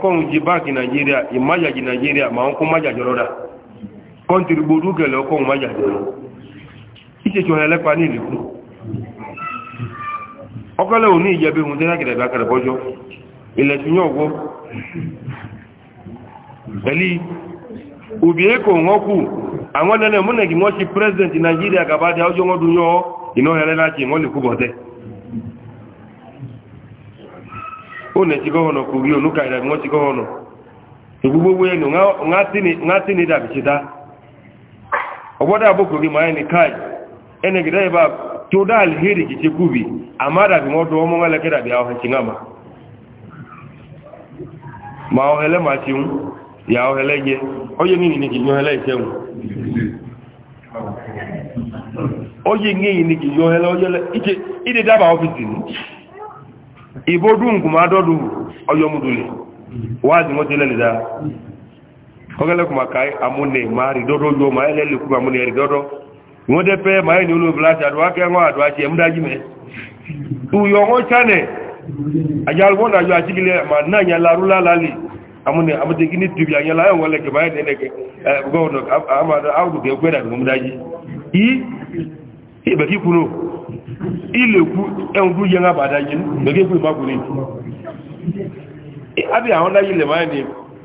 S1: òun jí báàkì nàìjíríà ìmáyàjì nàìjíríà ma ń kún májà jọrọ́dá kọ́ntìrì gbogbo gẹ̀lẹ̀ ọkọ̀ ohun májà jẹ́ ìṣẹ́ṣọ́ ẹlẹ́pàá ní ìlú ọkọ̀lẹ̀ òní ìjẹbẹ̀ ohun tẹ́lá kìrẹ̀gbà kẹrẹ̀bọ́jọ́ ilẹ̀ tí yóò wọ́ pẹ̀lú òbí èkó wọn kù àwọn ẹlẹ́nà president nigeria gabadé ọjọ́ a dún ọgbọ́dá àbókòrí ma ẹni káì ẹni gẹ̀dẹ́ ìbá tó dá alìhèrè kìí ṣe kúbi àmádàbí wọ́n ọmọ ẹlẹ́kẹ́dàbí àwọn ma ya ma ṣe ń yà ọ̀hẹ́lẹ́ yẹ ọyẹ́ ní ìní nye yọ́hẹ́lẹ́ ogele kuma kai amune mari dodo yo ma ele le kuma amune ri dodo ngode pe ma ni ulu blacha do ake ngwa do achi emda jime tu yo ngo chane ajal bona yo achi gile ma na nya la rula lali amune amade gini tibi anya la ngole ke ma ne ne ke eh, go no ama da awdu ke kweda ngum daji i e be ki kuno ile ku en du yenga badaji be ki ku ma kuni abi awon daji le ma ni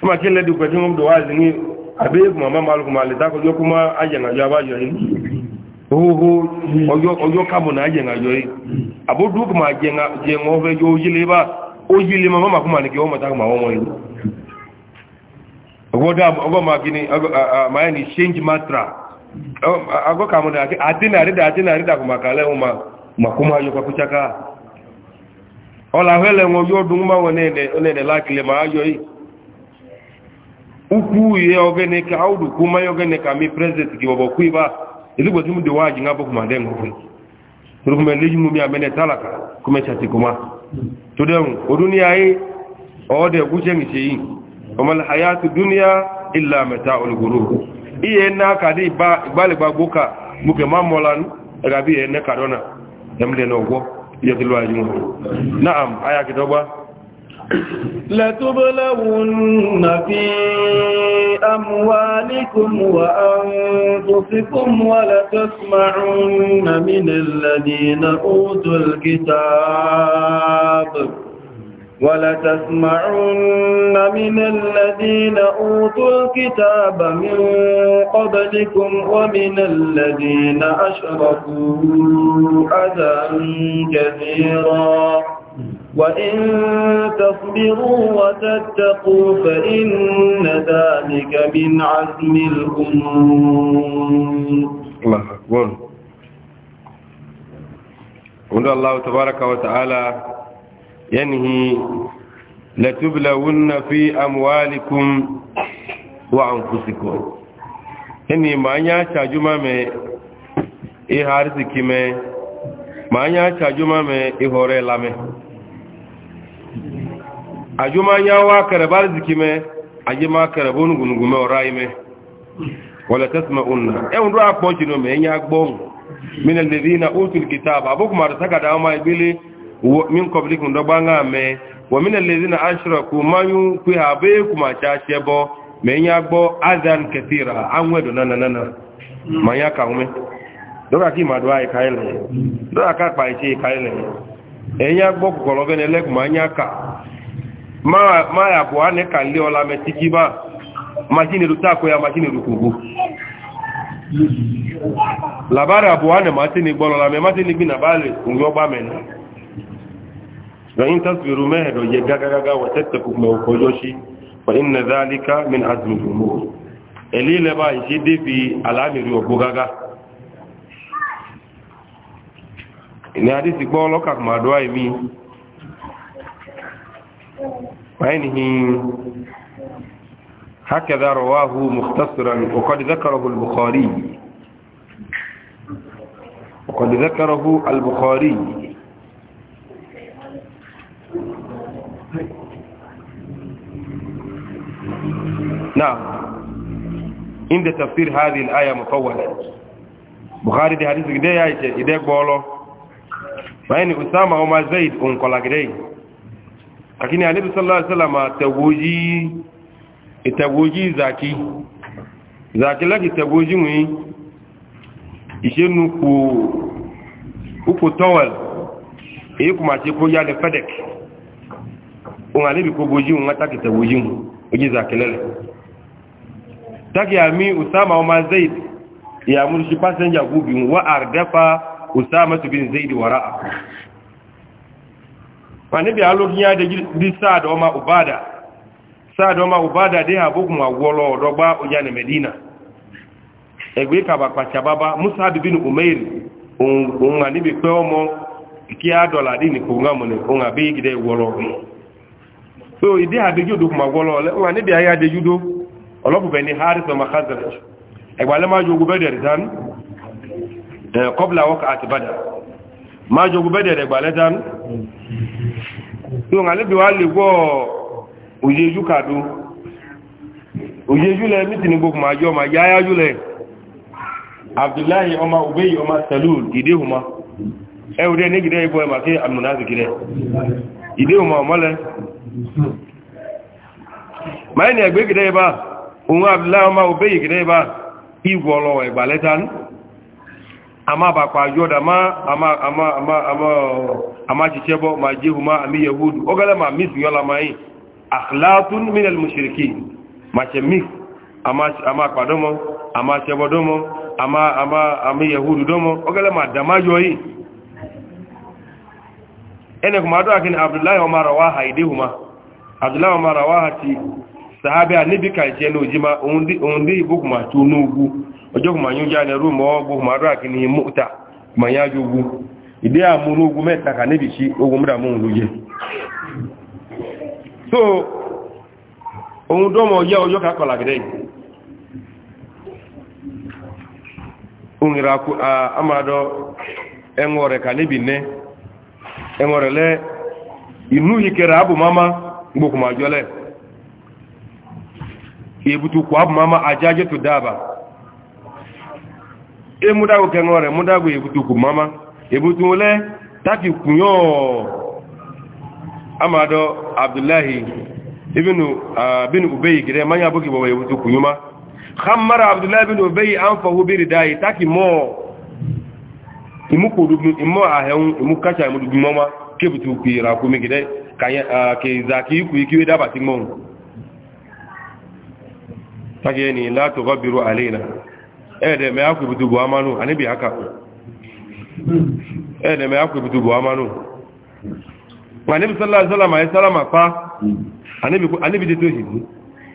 S1: kuma kila duka jin wabda wazi ne abe kuma ma malu kuma alita ko kuma ajiyar ajo ba yoyi ohoho ojo kamo na ajiyar ajo yi abu duk ma jiyan ofe jo ojile mama kuma nike wama ta kuma wama yi ọgbọ́dá change matra agọ́kàmọ́ na àti àdínà àrídà àdínà àrídà kùmàkàlẹ́ wọn ma kúmọ̀ ayọ́kọ̀ ọla hele nwe oge odu mgbanwe na-edela kele ma ayọghị ukwu uhie ogene ka audu kwu mmanya ogene ka mi prezident gị ọbọ kwu iba ezigboti m dị waaji nga bụkwu ma dị ngụkwụ turukume leji mumi amene talaka kumechati kuma tudenwu oduniya yi ọdẹ gúúsẹ́ nìṣe yìí ọmọlẹ̀ hayatu duniya illa mẹ́ta olùgbòrò iye náà kàdé ìgbàlẹ̀gbàgbókà múkẹ̀ máa mọ́lá ẹgbàbí ẹ̀ nẹ́kàdọ́nà ẹmìlẹ̀ náà يغلوا أجمعهم نعم آية كتابة
S2: لتبلون في أموالكم وأنفسكم ولتسمعن من الذين أوتوا الكتاب ولتسمعن من الذين أوتوا الكتاب من قبلكم ومن الذين أشركوا أذى كثيرا وإن تصبروا وتتقوا فإن ذلك من عزم الأمور الله
S1: أكبر الله تبارك وتعالى ينهي لتبلون في أموالكم وأنفسكم ينهي ما ينشا جمامي إهارسكي مي ما ينشا جمامي إهوري لامي ajuma nyawa karabar zikime ajima karabon gungume oraime wala tasma'unna e undu akpo jino me nya gbon min alladhina utul kitaba abukuma saka dama ibili min qablikum do banga me wa min alladhina ashraku ma yu ku habe ku ma cha shebo me nya gbo adhan kathira anwe do ma ya ka ume do ka ki ma do ai kai le e nya gbo ku koro bene ma nya ka ma ya bo ane ola me machine du tako machine du kugu labara bo ane ma tini gboro la me ma tini gbi na ba me وإن تصبروا ما هدوا يجاجاجا وتتقوا فإن ذلك من عزم الأمور إلي لبا يشد في الأمر وبوغاغا إن حديث يقول لك ما دعاء مي وإنه هكذا رواه مختصرا وقد ذكره البخاري وقد ذكره البخاري نعم عند تفسير هذه الآية مطولة بخاري دي حديث كده يا ايتي ايدك بولو فإن أسامة وما زيد أنقل كده لكن النبي صلى الله عليه وسلم توجي توجي زكي zaki laki tagoji nwi ise nuku uku towel eyi kuma ce ko ya le fedek un alibi ko boji un ataki tagoji nwi oji zaki lele taki ami usama wa zaid ya mun shi passenger gubi wa ardafa usama bin zaid wara'a wani bi alo kiya da di saad o ma ubada saad o ma ubada de ha bokum wa wolo dogba o jane medina egbe ka ba pacha baba musa bin umair on ngani bi pe omo ki a dola di ni ko ngamo ne on abi gide wolo so ide ha de judo kuma wolo le wani bi aya de judo ọlọ́pùpẹ̀ ní harris ọmọ khazard ẹgbàlẹ́ máa jogun bẹ́ẹ̀dẹ̀ rìtán kọ́bla wọ́kà àti bàdà máa jogun le ẹgbàlẹ́ tán yóò alẹ́bí wá lè gbọ́ òyejú kàdó òyejú lẹ mítì ní gbogbo àjọ ma yáyájú lẹ abdullahi ọmọ obeyi ọmọ salul ìdéhùnmá ẹwùdẹ́ ní gidẹ́ ibọ̀ ẹmà kí amúnásìkìrẹ ìdéhùnmá ọmọlẹ máa ní ẹgbẹ́ gidẹ́ ibá òun abdullahi ọmọ òbẹ́ ìgìdẹ́ bá ìwọ̀ ọlọ́wọ̀ ẹ̀gbà lẹ́tàn amábàpá yọ́dà máa ṣiṣẹ́ bọ́ máa jẹ́ hùmá àmì yahudu ọgọ́lẹ̀ máa mìsù yọ́la máa yìí àkìlátún mílẹ̀lì mùsìrìkì máṣẹ mìs àmàpàdọ́mọ́ àmàṣẹbọdọ́mọ́ àmì yahudu dọ́mọ́ ọgọ́lẹ̀ máa dàmá yọ yìí ẹnìkùnmọ́ adọ́ àkíní abdullahi ọmọ rawaha ìdíhùmá abdullahi ọmọ rawaha ti sahabi anibi ka je no jima undi undi bukuma tunugu ojo kuma nyuja ne rumo ogu mara kini muta kuma yajugu ide amunugu meta ka nibi shi ya ojo ka kola gide unira ku amado enwore ka nibi ne mama ebutu kwa mama ajaje to daba e mudago kenore mudago ebutu ku mama ebutu ole taki kunyo amado abdullahi ibinu uh, ah, bin ubay gire manya boki baba ebutu kunyuma khammara abdullahi ibn ubay anfahu bi ridai taki mo imuko dubu imo ahun imukacha imudubu mama kebutu ku ira ku ah, ke zaki ku ikiwe daba ti sake ni la to gabiru alaina eh da me aku bitu bu amanu anibi aka eh da me aku bitu bu amanu anibi sallallahu alaihi wasallam ay salama pa anibi anibi de to hiji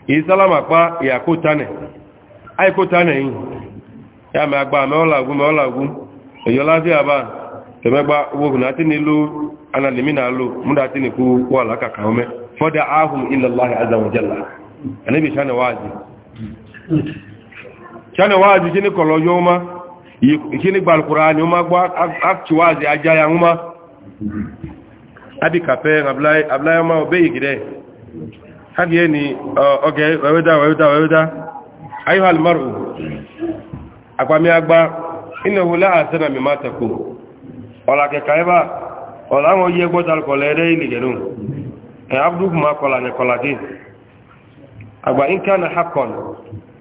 S1: yi salama pa ya ko tane ay ko tane yin ya me agba me ola gun me ola gun eyo la ti aba tẹmẹgba owó hùn àti nílò analemina lò múdà àti chana wazi chini kolojo uma chini balkurani uma kwa akchi ni ajaya uma adi kape ngablai ablai uma obei gide hadi yeni uh, okay waweda waweda waweda ayuha almaru akwami agba innahu la asana mimma takun ola ke kaiba ma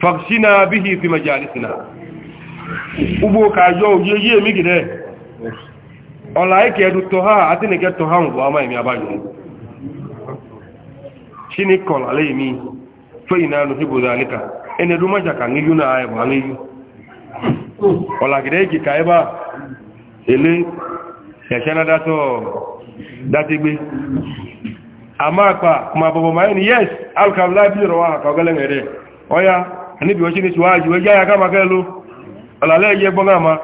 S1: fakshina bihi fi majalisina ugbo ka yọ oye yí èmì gìdẹ́ ike ẹ̀dù tọ́ha àti nìkẹ́ tọ́ha ń wọ́n ìmì àbáyọ̀ ṣí ní kọ̀lá lè mi fẹ́ ìná nù hìbò dáníkà máa ní yúnà ẹ̀bọ̀ ní yú ka ọya ani bi wachi ni chuaji weja ya kama kelu ala le ye bo ma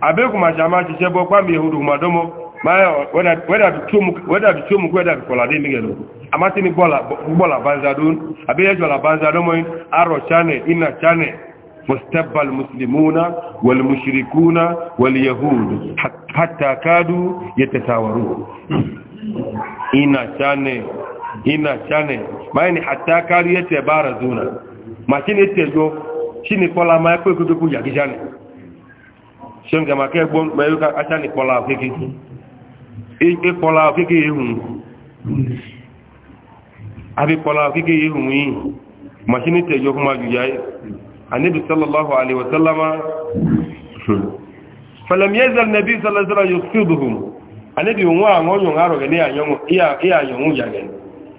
S1: abe ku ma jama ti jebo kwa mi hudu ma domo ma weda weda tumu weda tumu weda kola de mi gelu amati mi bola bola banza dun abe ye bola banza domo in aro chane ina chane mustaqbal muslimuna wal mushrikuna wal yahud hatta kadu yatatawaru ina chane ina chane maana hatta kadu yatabarazuna ma chineke chini chinikpọla ma ekwe ekwekwekwu ya gị jani shenga maka egbo ma eweka acha nikpọla ahụkeke ịkpọla ahụkeke ya ya ihu ma chineke ego kuma ju ya anabi sallallahu alaihi wasallama falam yazal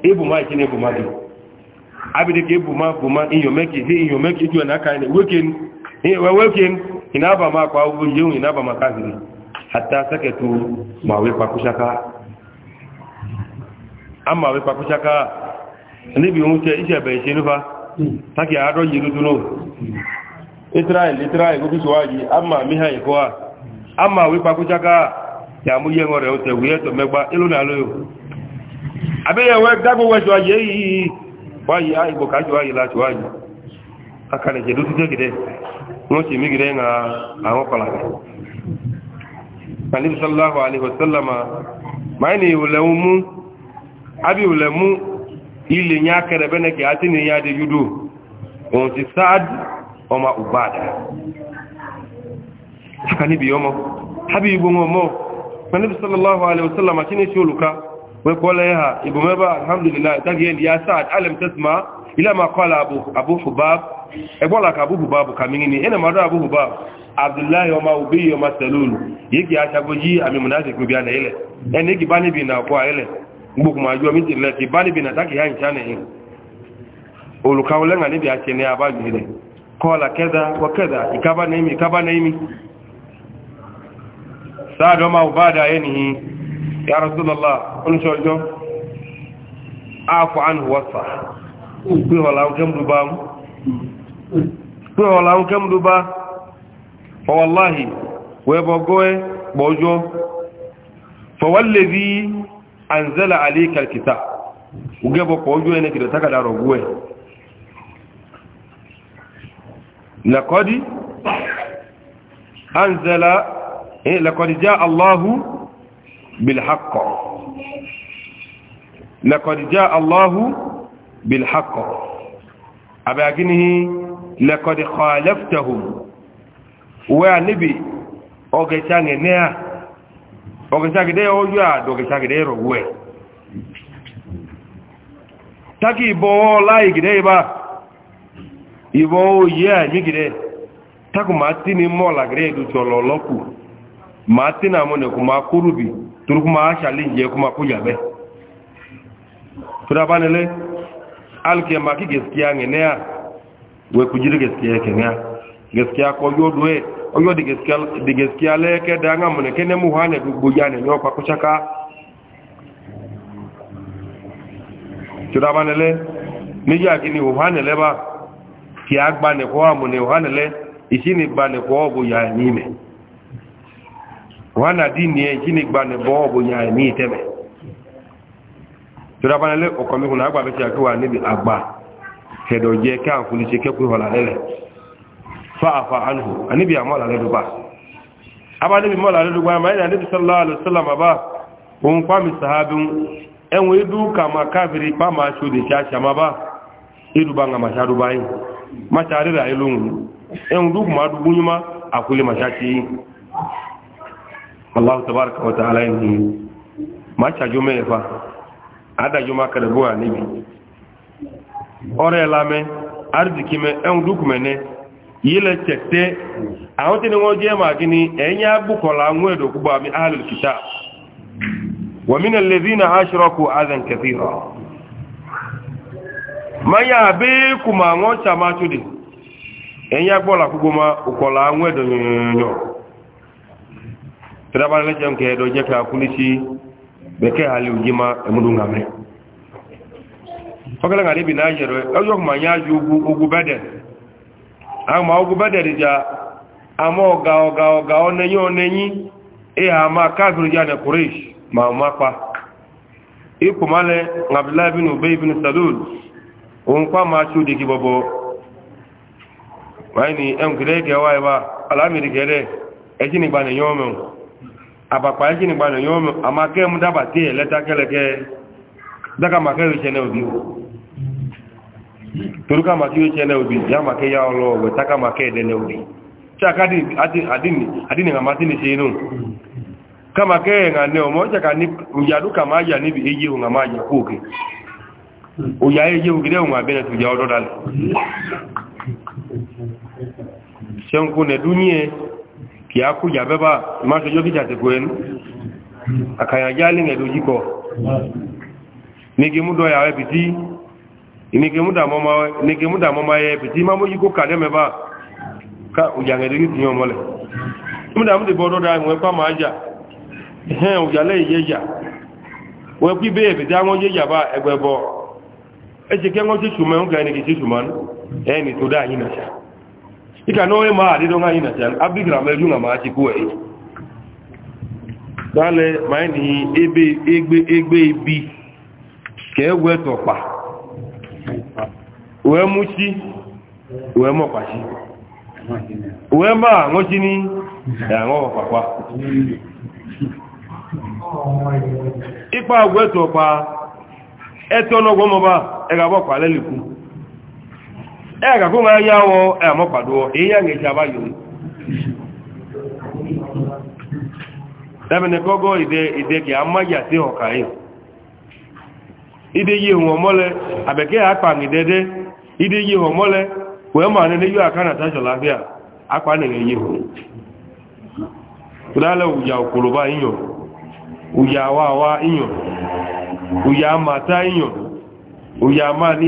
S1: ya ma abidi ka ebuma buma inyomeki he inyomeki ju na aka ni wekin he we wekin inaba ma kwa ubu yewu inaba ma kazini hatta saketu ma we kwa kushaka amma we kwa kushaka ni bi unche ise be se nufa taki ado yiru duno israel israel gudu swaji amma mi ha ikoa amma we kwa kushaka ya mu ihe nwere o te wiye to megba ilu na lo yo abe ye we dago we swaji wayi ayi bo kaju ayi la tuwaji akale je dutu jegide mo ci migire nga awo kala nabi sallallahu alaihi wasallama maini ulemu abi ulemu ile nya kere bene ke atini ya de yudu on ti saad o ma ubada kanibi yomo habibu ngomo nabi sallallahu alaihi wasallama kini ويقول لها ابو مبا الحمد لله تجين يا سعد الم تسمع الى ما قال ابو ابو حباب يقول لك ابو حباب كميني انا ما ابو حباب عبد الله يوم ابي يوم سلول يجي اشغوجي امي منافق بيان الى ان يجي باني بينا كو الى gbogbo kuma ajo mi tilẹ ti bá níbi nàtàkì ya ìṣánà yìí olùkàwọ lẹ́nà níbi àṣẹ ní abájú rẹ̀ kọ́ọ̀lá kẹ́dà wọ́kẹ́dà ìkábánáìmì ìkábánáìmì sáàdọ́mà ò bá dáa yẹ́ nìyí ya rasulallah oníṣọ́jọ́ ààfọ́ àníwọ́sà píhọ̀lá ń kẹ́mdúbá fọwọ́láhì wẹ́bọ̀gọ́ẹ́ gbọ́jọ́ fọwọ́lẹ̀bí àǹzẹ́là àlíkàlkìta ugẹ́bọ̀ pọ̀jọ́ ẹni kìdọ̀ takàdà rọ̀gúwẹ́ lakọ́dí àǹzẹ́là eh, lakọ́dí já allahu بالحق لقد جاء الله بالحق أباقنه لقد خالفتهم وعنبي أغتان نيا أغتان دي أوجاد دي روي taki ibowo lai gide iba ibowo ye taku ma ni mola ma torí kuma a ṣàlẹ̀ kuma kó yàbẹ́ tura bá nílé alkiyama kí gaskiya ne a wai ku jiri gaskiya ke ne a gaskiya ko yóò duwe ọyọ́ di gaskiya lẹ́ẹ̀kẹ́ da ńgá mọ̀nà kẹ́ nẹ́mú ha nẹ̀ gbogbo ya nẹ̀ yọ́ kwakọ́ ṣaka tura ní ilẹ̀ wana dini ye jini gbani bɔɔbu nyaa mi tɛmɛ tura bana le o kɔmi kuna agba be tia ko wa ne bi agba kɛdɔ jɛ k'an kuli se kɛ kuyi hɔ la ale fa a fa anu ani bi a mɔ la ale ba aba ne bi mɔ la ale ba ma yɛrɛ ne bi sallallahu alaihi wa sallam a ba o n kwami sahabi n ɛnwo idu kama kabiri kpama so de tia sama ba idu ba ma sa do ba yi ma sa ale la ayi lo ŋun ɛnwo du kuma du bunyuma a ma sa ti allahu tabaraka wa ta'ala ni ma cha jume fa ada juma ka da buwa bi ore lame arziki me en duk mene yile chete awti ni ma gini enya bu ko la ngwe do kuba mi ahlul kitab wa min alladhina ashraku adhan kathira kuma ngocha ma tudi enya ngwe do tirabara le jẹun kẹẹdọ jẹ kẹ akunisi bẹkẹ hali ojima emudu nga mẹ fọkẹlẹ ŋàdé bi náà yẹrọ ẹjọ kò mà ya ju ogu ogu bẹdẹ àmọ ogu bẹdẹ di dza àmọ ama ọgà ọgà ọnẹyin ọnẹyin eya àmọ káfíìrì dza nẹ ma mà ma lẹ ŋàbílá bínú bẹ́ẹ̀ ni wa abakpa yake ni gbanu yo amake mu daba te leta keleke daga make yo chene obi turuka make yo chene obi ya make ya olo we taka make de ne obi chaka di ati adini adini nga matini chenu kama ke nga ne omo chaka ni ujaru kama ya ni bi eje nga maji kuke uya eje ugire nga bene tuja odo dale chenku ne dunye kì á kújà bẹ́bà ìmáṣọjọ́ kìjà tẹ̀kọ́ ẹnu àkàyàjá lè rẹ̀ lójíkọ nege múdọ̀ yà ẹbì tí nege múdà mọ́má yẹ ẹbì tí mámójí kó kà lẹ́mẹ̀bà ká òjà rẹ̀ lórí fi hàn mọ́lẹ̀ múdà múdà bọ́ dọ́dá ìwọ̀n ẹpá máa jà ẹ̀hẹ́n òjà lẹ́yìn yẹ jà ika na onye ma adịdị anyị na chan abigra ma ejunga ma achịkwu ee dale ma anyị na ebe egbe egbe ebi ka egwe tọkpa wee mụchi wee mọkwachi wee ma aṅụchi ni ya aṅụ ọkpakwa ịkpa agwa etọkpa etọ n'ọgwọ mọba ị ga-agbakwa lelikwu ẹ ga máa yá wọn ẹ̀mọ́ pàdó èyí àyè ìjà bá yòó lẹ́mìnìkọ́gọ́ ìdẹ́kẹ̀ amáyà tí ọ̀kà yìí ìdẹ́ yìí wọn mọ́lẹ̀ àbẹ̀kẹ́ àpàmì dẹ́dẹ́ ìdẹ́ yìí wọn mọ́lẹ̀ wẹ́mà ní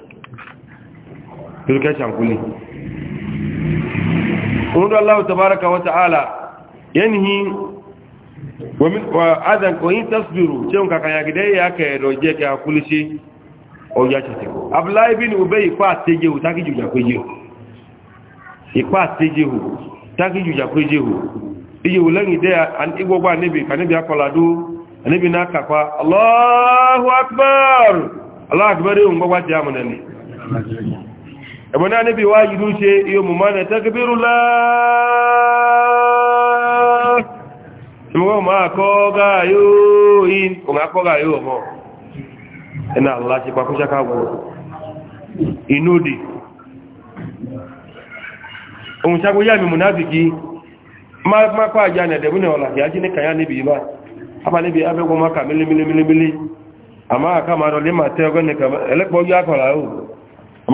S1: tilka shankuli wanda Allah tabaraka wa ta'ala yanhi wa min wa adan ko in tasbiru cewa kaka ya gidai ya ka roje ka kulishi o ya ce ko Abdullah ibn Ubay fa teje u taki ju ja peje ipa teje u taki ju ja peje u iye ulangi de an igbo gba nabi ka nabi akoladu nabi na ka kwa Allahu akbar Allah akbar un gba ti amunani ẹ̀bọ̀n náà níbi wá yìí ṣe iye mọ̀mọ́ ní tẹ́kìbírù láàá ṣùgbọ́n ma kọ́gá yóò yí ọ̀nà kọ́gá yóò mọ́ ẹ̀nà aláṣẹ pàkúṣàkàwọ̀ inúdì ohun ní kàyà níbi ìbá apá níbi abẹ́gbọ́n mọ́ka mílímílímílí àmá àkàmà rọ̀lẹ́mà tẹ́ ọgọ́ ẹlẹ́pọ̀ yóò akọ̀lá yóò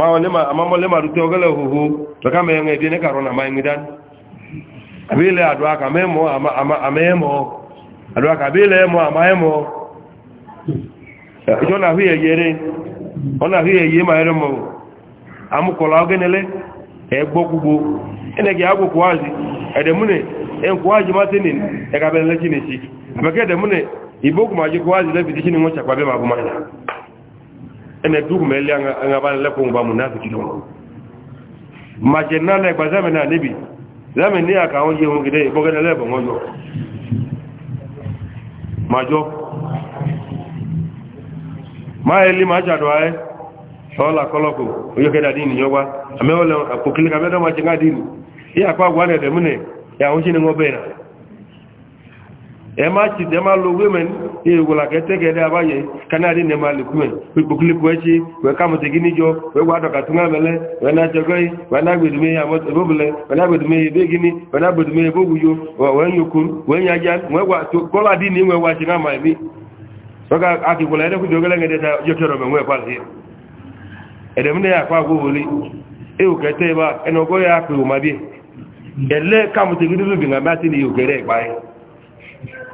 S1: amamole marute ogele huhu toka meyonge ediene karona mayengidan abile adwa kamemo ama ama amemo adwa kabile mo amaemo jona huye yere ona huye ye mayere mo amukola ogenele egbogugbo enegi agboku azi edemune enkuaji matinin ekabele chinisi abeke edemune iboku maji kuazi lebidi chini ngocha ma mabumanya ene dugu mele anga ban le ko ba munafiki don majenna le gbazame na nibi zame ni aka onje hun gide bo gele ngojo majo maeli eli ma sola eh? koloko oyo keda dini yoba amewole akukilika bedo ma jenga dini ya kwa gwa ne de mune ya onje ngobera ẹ̀má ti dẹ̀má lo women ìwòlà kẹtẹ́gẹ̀ẹ́dẹ́ àbáyẹ kanáàdì nẹ̀má lèkúmẹ̀ pípòkúlẹ̀kú ẹ̀ṣí wẹ̀ kámọ̀tẹ̀gí níjọ wẹ̀ wà dọ̀kàtún àmẹ́lẹ́ wẹ̀ náà ka yìí wẹ̀ náà gbèdùmẹ́ ẹ̀bọ́bùlẹ̀ wẹ̀ náà gbèdùmẹ́ ẹ̀bẹ́gíní wẹ̀ náà gbèdùmẹ́ ẹ̀bọ́wùyọ wẹ̀ ń yòkó wẹ̀ ń yájá wẹ̀ wà tó kọ́lá dì ní wẹ̀ wá ṣe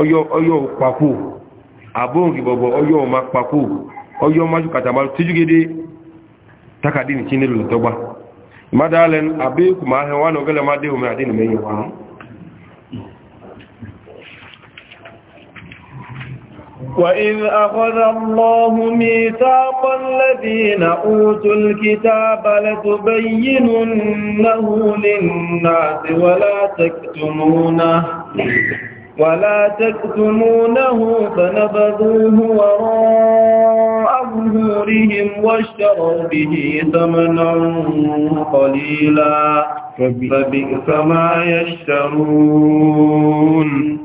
S1: ọyọ́ pàkó àbóǹgì abụọ ọyọ́ ọmọ pàkó ọyọ́ májú kàtàmà na takàdé ní chínlẹ̀ lọ́tọ́gbá ìmádàálẹ̀ àbẹ́kù ma ahịa wánà ọgẹ́lẹ̀ máa dé omi àdínì mẹ́yìn wọn
S2: وإذ ولا تكتمونه فنبذوه وراء ظهورهم واشتروا به ثمنا قليلا فبئس ما يشترون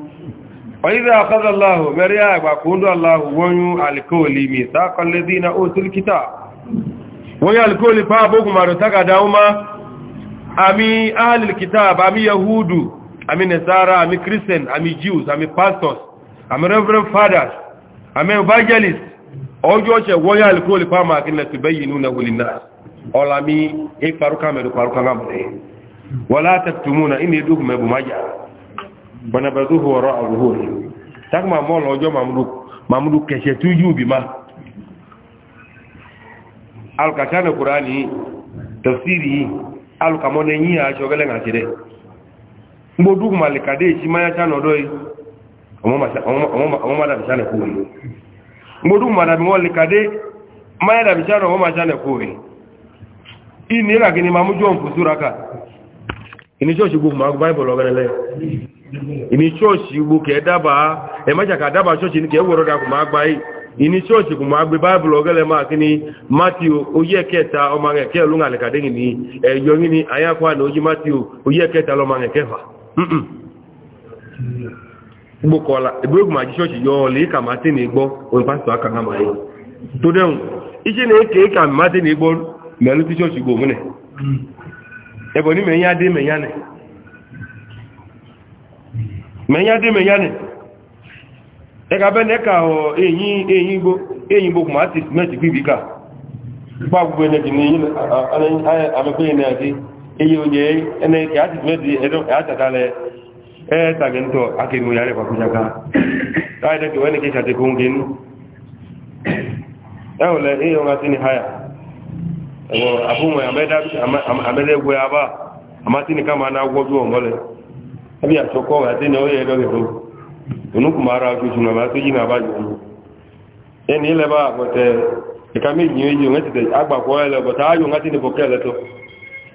S2: وإذا أخذ الله برياء
S1: وقول الله ونيو الكول ميثاق الذين أوتوا الكتاب ويا الكول فابوكم أرتقى دوما أمي أهل الكتاب أمي يهود àmì nasara àmì christian àmì jews àmì pastors àmì reverend fathers àmì evangelist ọjọ́ ọ̀ṣẹ̀ wọ́n yà lùkúrò lè fáwọn àkínlẹ̀ tó bẹ́yìí inú na wòlì náà ọ̀làmí ìparúkà mẹ́rin parúkà lámọ̀lẹ́ wọ́n látẹ̀tùmù náà inú ìdúkù mẹ́bù májà bọ̀nàbẹ̀dù wọ̀rọ̀ àrùhò rẹ̀ tákùmà mọ́ọ̀lù ọjọ́ mamudu kẹsẹ̀ tó yú bí ma alùkàtà nìkúrá si maya mgbe odu mali ka dị echi mmanya cha nọdọ ọmụmadabicha na-ekwu ohi mgbe odu madabi nwọli ka dị e mmanya dabicha e na ọmụmacha na-ekwu ohi ị na-ela gị n'ime amụjọ mfusu raka ini chọọchị gbogbo magụ baịbụl ọgarala ini chọọchị gbogbo ka edaba emacha ka daba chọọchị ka ewere ga kwụma agba ini chọọchị kwụma agbe baịbụl ọgara ma akịni matio oyi eketa ọmaghị eke elu ngalị ka dịghị ni eyọ gịnị e anya kwa na oji matio oyi eketa lọmaghị eke ha
S3: gbókọ̀ọ́lá
S1: ẹgbẹ́ ogun àjí ṣọ́ọ̀ṣì yọ ọ̀lẹ́ ìkà máa tẹ́ ní gbọ́ òun pásítọ̀ akàkà máa yìí tó dẹ̀hùn na ní èkè ìkà máa tẹ́ ní gbọ́ mẹ́lú tí ṣọ́ọ̀ṣì gbò múnẹ̀ ẹbọ̀ gbogbo enyi na adị. iye onye ẹni àti mẹ́dì àtàtàlẹ̀ ẹ́ẹ̀tàgẹ̀ ń tọ́ akẹrù yàrá ìpàkújáká a wẹ́ni kí ṣàtẹ̀kọ́ oúnjẹ ní ẹ̀wọ̀lẹ̀ iye wọn àti ní haya ẹ̀wọ̀ àbúmọ̀ àmẹ́lẹ́gbẹ̀ àbá àmátí ní káàmà náà ele ọ̀mọ́lẹ̀ ẹbí àṣọkọ́ àti ní ọyẹ ẹ̀dọ́gẹ̀ẹ́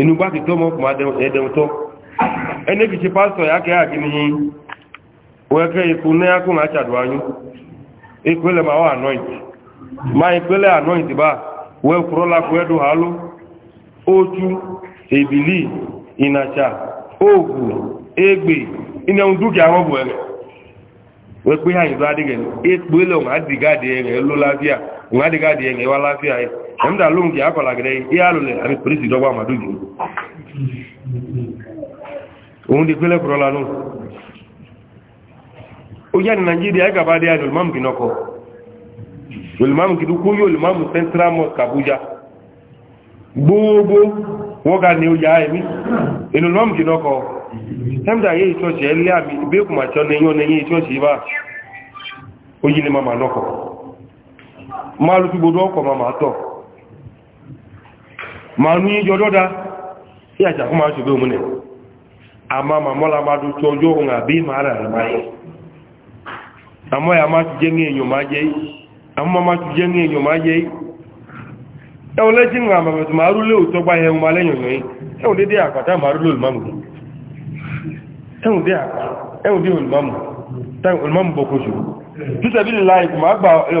S1: inú bá ti tó mọ́ kùmà ẹ̀dẹ̀wò tó ẹni kìí ṣe pásítọ̀ yá kẹ́ àkíní yìí wẹ́kẹ́ ikú ní akún àṣàdùwáyú ìpínlẹ̀ máa wà anoint ma ìpínlẹ̀ anoint bá wẹ́ kúrọ́ lápò ẹ̀dù hálú ótú èbìlì ìnàṣà òògùn égbè iná ń dúkìá wọn bù ẹ̀rẹ̀ wẹ́ pé àyìnbó adìgẹ̀ ìpínlẹ̀ ngadi gadi yenge wala fi ay amda lungi akola gre iyalu le ami polisi dogwa maduju undi kwele prola no ujani na njidi ay gabadi ay ulmam kinoko ulmam kidu kuyo ulmam central mosque abuja gbogbo woga ni uya emi inu ulmam kinoko amda ye church ele ami be kuma chone yo ne ye church iba ujini mama noko máa ló fi gbogbo ọkọ̀ ma máa tọ̀ ma ní ìjọ lọ́dá sí àṣàkó máa ṣùgbé òmìnir ma màmọ́lá ma dùn tí ọjọ́ òun àbí máa rà rẹ̀ máa yẹ àmọ́ ya ma ti jẹ́ ní èèyàn ma jẹ́ àmọ́ máa ti jẹ́ ní èèyàn máa jẹ́ ẹ̀wọ̀n lẹ́jí ń ràn àmàmẹ̀tì rú lẹ́yìn dédé rú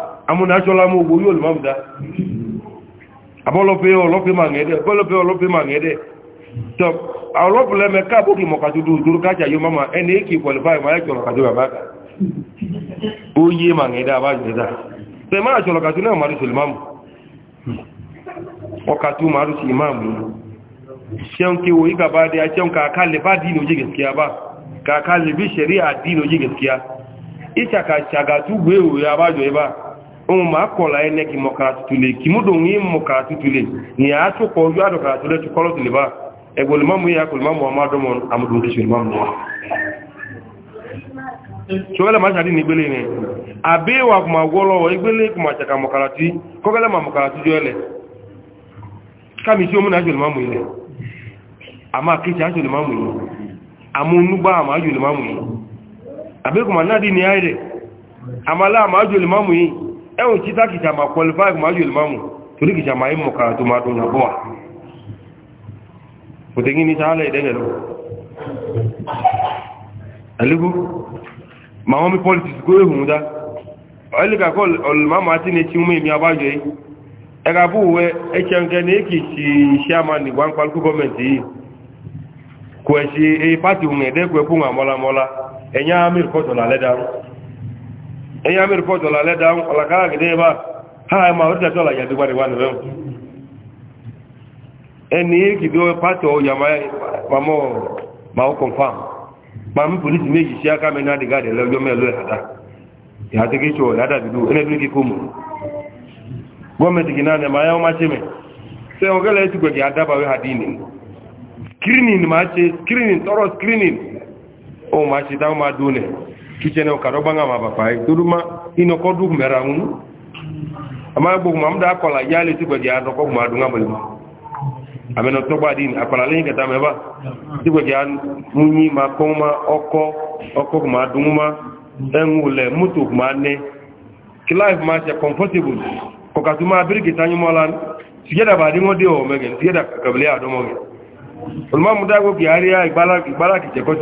S1: amúnájọ́lá mú ogbó yóò lè máa dá abọ́lọ́pẹ́ ọlọ́pẹ́ máa ngẹ́dẹ́ abọ́lọ́pẹ́ ọlọ́pẹ́ máa ngẹ́dẹ́ tọ́ ọlọ́pẹ́ mẹ́ká àbókè mọ̀kàtó dúró kájà yóò máa ẹni èkì qualify máa ẹ̀kì ọ̀lọ́kàtó bàbá kà ó yé máa ngẹ́dẹ́ abájọ́dá tẹ máa ṣọ ọlọ́kàtó náà máa ṣòlè máàmù ọkàtó máa ṣòlè máàmù ṣẹ́un kí wo ìgbà bá dé ṣẹ́un kàkà lè bá dín òjì gẹ̀ẹ́sìkíá bá kàkà lè bí ṣẹ̀rí àdín òjì gẹ̀ẹ́sìkíá ìṣàkàṣàgàtúgbé òwe abájọ́ ibà ohun ma kọ̀ọ̀lá ẹnẹ́ kí mọ̀kàrà tutù lè kí múdò ní mọ̀kàrà tutù lè ní àátúkọ̀ ojú àdọ̀kàrà tó lẹ́tù kọ́lọ̀ tó lè bá ẹgbẹ̀lú mọ́mú yà kò lè mọ́mú ọmọ adọ́mọ amúdùn tó ṣe mọ́mú wọn. sọ́kẹ́lẹ̀ máa ṣàdí ní ìgbélé yẹn àbẹ́wà kò máa wọ́ lọ́wọ́ ìgbélé kò máa ṣàkà mọ̀kàrà tí kọ́kẹ́lẹ̀ máa mọ̀kàrà tó jọ ẹlẹ̀ kámi sí omúnà àjò ẹwọ̀n tí tá kìtà máa qualify máa yóò máa mú torí kìtà máa mọ̀ kàrà tó máa dùn àbọ̀ wà kò ní sáálẹ̀ ìdẹ́gẹ̀ lọ ẹ̀lẹ́gbó ma wọ́n mi politics kó ehùn dá ọ̀ẹ́lẹ́gà kọ́ ọ̀lùmọ́mọ́ àti ní ẹ̀kí mú èmi abájọ yìí ẹ̀ka bú wẹ́ ẹ̀kẹ́ ǹkẹ́ ní èkì sí iṣẹ́ àmà ní gbáǹpalùkù gọ́ọ̀mẹ̀ntì yìí kò ẹ̀ṣẹ̀ ẹ̀yà mẹ́rin fọ́ jọ̀lá lẹ́dà ọ̀làkárà gẹ̀dẹ́ bá ha ẹmà orí tẹ́tọ́ ọ̀là ìyàdúgbà ní wà ní rẹ̀hùn ẹni kìdí ọ pàtó yàmá pàmọ́ ma ó kọ̀nfàm pàmí polisi méjì sí aká mẹ́rin àdìgá dẹ̀ lọ́jọ́ mẹ́lú ẹ̀dá ìhàtẹ́kẹ́ sọ ìyàdà bìdú ẹnẹ́bí kíkó mu gọ́ọ̀mẹ̀tì kì náà nẹ̀ máa yá ọmá ṣe mẹ́ sẹ́ wọn kẹ́lẹ́ ti gbẹ̀gẹ̀ adábàwé àdínì screening máa ṣe screening tọrọ screening ó máa ṣe táwọn máa dún kìtẹ́nẹ̀ ọ̀kàdọ́ bá ń àmà bàbá yìí tó dúmá iná kọ́ dùn mẹ́ra ń nú àmà gbogbo àmì dá akọ̀là yá lè tí gbẹ̀jẹ̀ àdọ́kọ́ gbọmọ àdúgbò àmì lẹ́mọ́ àmẹ́nà tó gbà dín akọ̀là lẹ́yìn kẹta mẹ́fà tí gbẹ̀jẹ̀ mú yín máa kọ́ má ọkọ́ ọkọ́ gbọmọ àdúgbò má ẹ̀hún lẹ̀ mọ́tò gbọmọ anẹ́ kí láìf máa ṣe comfortable kọ̀kà tó máa bíríkì sáyé mọ́lá tìjẹ́dà bàdí wọ́n dé ọ̀ mẹ́gẹ̀ tìjẹ́dà kàbílẹ̀ àdọ́mọ́ rẹ̀ olùmọ́mùdá gbogbo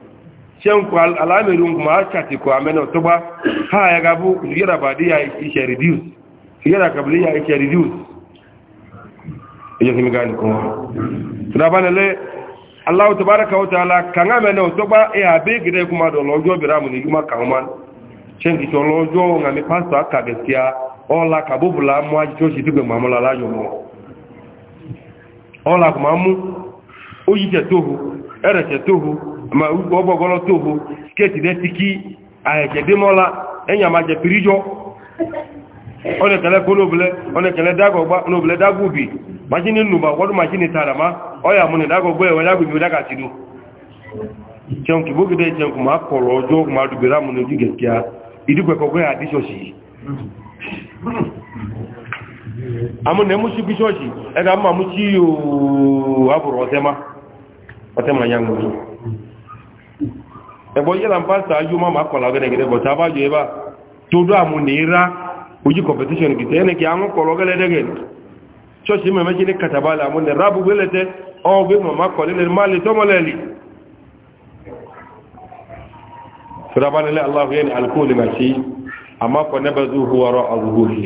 S1: shenku al'amirin kuma aka ti ko amena to ba ha ya gabu yara badi ya ishe reduce yara kabli ya ishe reduce yake migani kuma tunabana le Allah tabaraka wa ta'ala kan amena to ba e abi gide kuma do lojo biramu ni kuma kan man shenki to lojo pastor aka gaskiya ola mu aji to shi mamula mo ola kuma mu oyi ma ugbo ọgbọgọrọ tohu sketi detiki ahẹkẹdemọla ẹnyàmájẹ pirijọ ọnẹkẹlẹ kólóbulẹ ọnẹkẹlẹ dagọgba ọnọbulẹ dagobi machini nùbà wọdún machini tààrà ma ọyà múnẹ dagọgbọ ẹwẹ dagobi dagasi do jẹunki bókìdẹ jẹunki ma kọrọ ọjọ ma dùgbẹrẹ amúnẹ ojú gẹkẹa a àdíṣọsì amúnẹ mú amụ na ẹgbẹ amú àmú sí yóò àbúrò ọtẹ má ọtẹ má yá ẹ̀bọ̀ yẹ́la ń pàṣẹ ayú máa máa kọ̀lá ọ̀gẹ́dẹ̀gẹ́dẹ́ bọ̀ tàbá jọ ẹbá tó dọ́ àmú ní rá ojú competition kìtẹ́ ẹni kí àwọn kọ̀lọ́ ọ̀gẹ́dẹ̀gẹ́ ṣọ́ọ̀ṣì mẹ́mẹ́jì ní kàtàbálà mú ní rábù gbélẹ̀tẹ́ ọgbẹ́ mọ̀má kọ̀lẹ́lẹ̀ má lè tọ́mọ̀lẹ́lì fìrabanilẹ̀ aláhùyẹ́ ni alkóòlì máa ṣe àmá kọ̀ nẹ́bẹ̀ zuhu ọ̀rọ̀ àzùhùhì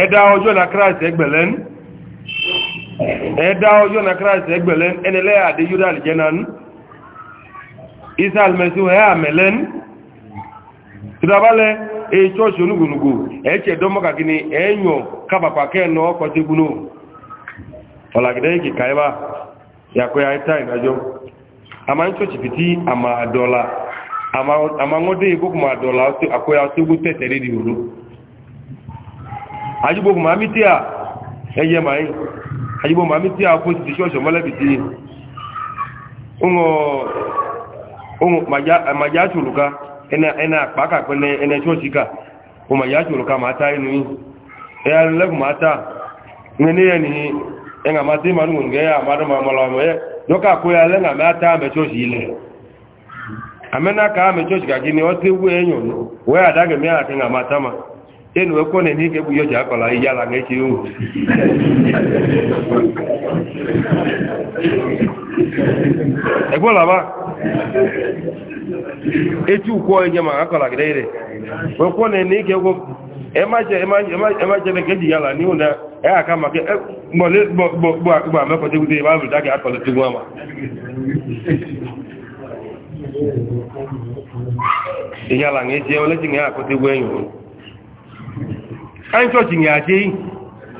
S1: ẹ̀dá ọjọ́ na christ ẹgbẹ̀lẹ́n ẹ̀dá ọjọ́ na christ ẹgbẹ̀lẹ́n ẹnilẹ́ àdé yúdá àlìjẹ́nanú israel mẹ́sí ẹ̀ àmẹ́lẹ́n tìdábálẹ̀ èyí chọ́ọ̀ṣì onúgbònúgbò ẹ̀ẹ́kẹ́ dọ́mọ́kàkíní ẹ̀ẹ́yàn kábàpàkẹ́ ẹ̀nà ọkọ̀ tí gúnú ọ̀làgídẹ́ ìkì káyébà yàkọ́ ya ta ìdájọ́ àmà ń chọ́ọ̀ṣì fìtí àmà àdọ́là àmà ń wọ́n dé ìkókùnmọ̀ àdọ́là àjúgbò màmí tí a ẹyẹ màá yìí àjúgbò màmí tí a kó ti ṣọ́ọ̀ṣọ́ mọ́lẹ́bí tí ohun màjá ṣòlùká ẹna àpákà pẹ́lẹ́ ẹna ṣọ́ọ̀ṣì ká ohun màjá ṣòlùká máa tá inú yìí ẹ̀yà lẹ́kùn máa tá ní ẹni ẹ̀ngà máa tí màá nùgbọ̀n gẹ́yà àmàdọ́mà ọmọlọmọ ẹ̀ lọ́kà kó ya lẹ́ngà máa tá àmẹ́ ṣọ́ọ̀ṣì ilẹ̀ àmẹ́ná ká àmẹ́ ṣọ́ọ̀ṣì kàkí ni ọ́ tí wú ẹ̀yàn wẹ́ àdágẹ̀mẹ́ àti ẹ̀ngà máa tá máa enu ekwo na enye ike bụ yoji akọla iyi ala ga echi ohu egwolaba echi ukwo enye ma akọla gide ire ekwo na enye ike egwo emajebe ka eji ya ala n'ihu na ya maka gbogbo amekọta ama
S3: ihe ala ga echi olechi ga ya akọta
S1: egwu enyi anyị chọọchị nye achị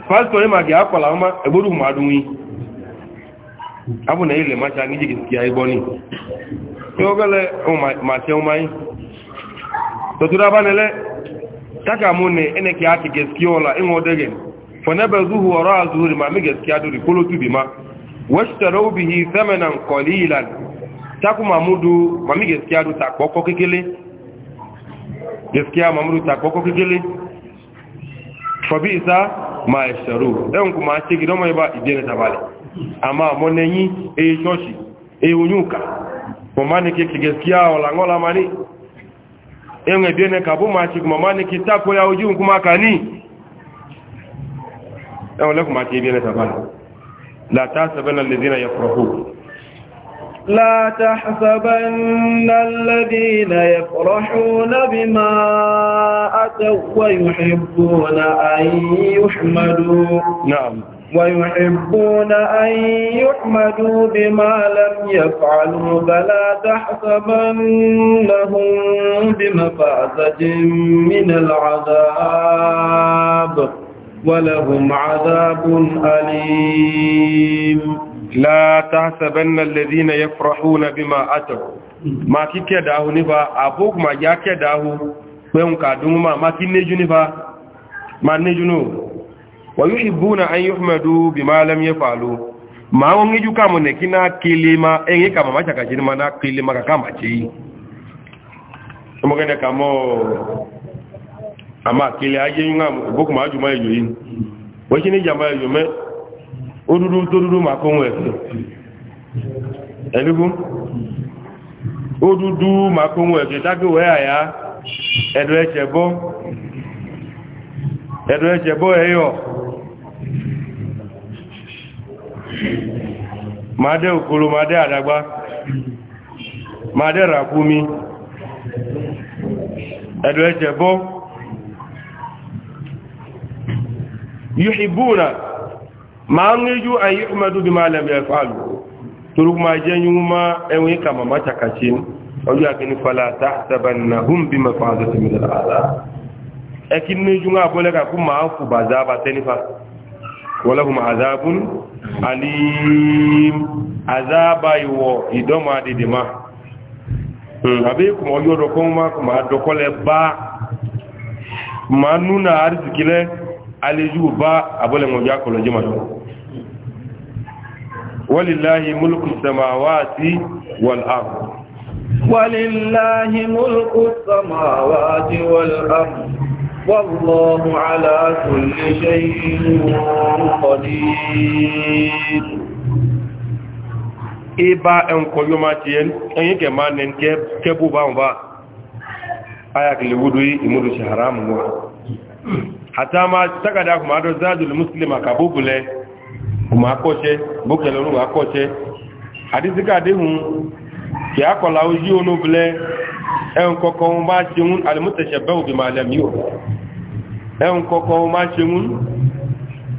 S1: pastọ ịma gị akwala ọma egboro mmadụ nwi abụ na ile e macha gị jigị ya igboni ogele ma che umayi tọtụrụ abanele taka mụ na eneke aki geski ọla ịnwụ odege fọnebe zuhu ọrọ azụ ma mi geski adụri kolotu bi ma wechitara obihi semena nkọli ilan ma mi kekele fabi isa ma ẹ̀ṣẹ̀rù ẹ̀hùn kò máa ṣe gidọ́mọ̀ ibá ìdíẹ̀nẹ̀ tàbálẹ̀ àmà àmọ́ nẹ́yìn èyí ṣọ́ọ̀ṣì èyí oyúnkà mọ̀má ní kí kìgẹ̀síà ọ̀làngọ́lá ma ní ẹ̀hùn ìdíẹ̀nẹ̀ kàbó máa ṣe mọ̀má ní kí tákóyá ojú nkú máa kà
S2: لا تحسبن الذين يفرحون بما أتوا ويحبون أن يحمدوا نعم ويحبون أن يحمدوا بما لم يفعلوا فلا تحسبنهم بمفازة من العذاب ولهم عذاب أليم
S1: لا تحسبن الذين يفرحون بما أتوا ما كيكي داهو نفا أبوك ما جاكي داهو ويوم كادوم ما ما كنجو نفا ما نجنو ويحبون أن يحمدوا بما لم يفعلوا ما ونجو كامو نكينا كلمة إنه كما ما شكا جنما نا كلمة كما شيء مغنى كامو أما كلمة أجي ينغام بوك ما أجو ما يجوين وشيني جامع يجو Odudu-todudu maka onwe elugu odudu maka onwe eke wee ya edo echebo edo echebo eyo made okolo made adagba made rakumi edo echebo yuhibuna ma ń ríjú ayé ọmọdún bí máa lẹ́bẹ̀ẹ́ fàálù torúkú máa jẹ́ yíò máa ẹwọ́n ìkà màmá chakachi ọjọ́ àkíní fàlà tàbí na hún bí mẹ́fà àzọ́tí mi lára àlá ẹkí níjú máa ba kàkú máa wala bà azabun tẹ́nífà azaba àzábún alìm àzába ìwọ̀ ìdọ́mọ adìdì máa hmm, àbí kùn ọjọ́ dọ̀kọ́ máa kùn máa dọ̀kọ́lẹ̀ bá máa núnà àrísìkílẹ̀ alẹ́jú bá àbọ́lẹ̀ mọ̀já kọlọ̀jẹ́ màdọ́kọ́ ولله ملك السماوات والأرض
S2: ولله ملك السماوات والأرض والله على كل شيء قدير
S1: إبا أنكو يوماتين أنك ما ننكب كبو بامبا آيك لودوي إمودو شهرام حتى ما تقدر ما دو زاد المسلم كبوبله ụmụ akọche bokele ụmụ akọche adịzika adịhụ kì á kọ̀lá ojú olóbilẹ̀ ẹun kọ̀kọ̀ wọn bá ṣe mún alìmútẹ̀ṣẹ̀ bẹ́ òbí ma lẹ́mí ò ẹun kọ̀kọ̀ wọn bá ṣe mún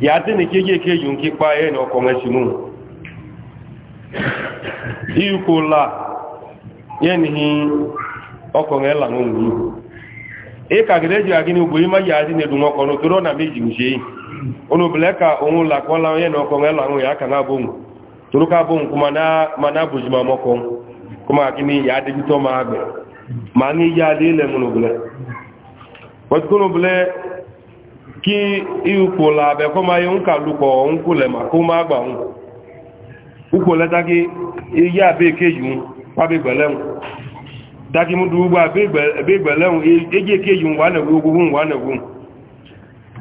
S1: ìyá tí ní kéjèké yìí ń kípa ẹni ọkọ̀ wọn ṣe mún ìyíkò là yẹ́nìí ọkọ̀ onubile ka onwe ụlọ onye na ọkọ nwe ya aka na-abụ toro ka bụ nkwu ma na-abụji ma mọkọ kuma ya adịgide ọma agbe ma anyị yi adị ile mụ n'obele pọtukọ n'obele la abẹ nka lukọ ma agba abe keji nwu kwabe gbele taki mu du ugbo abe gbele nwu eji ekeji na-egwu ogwugwu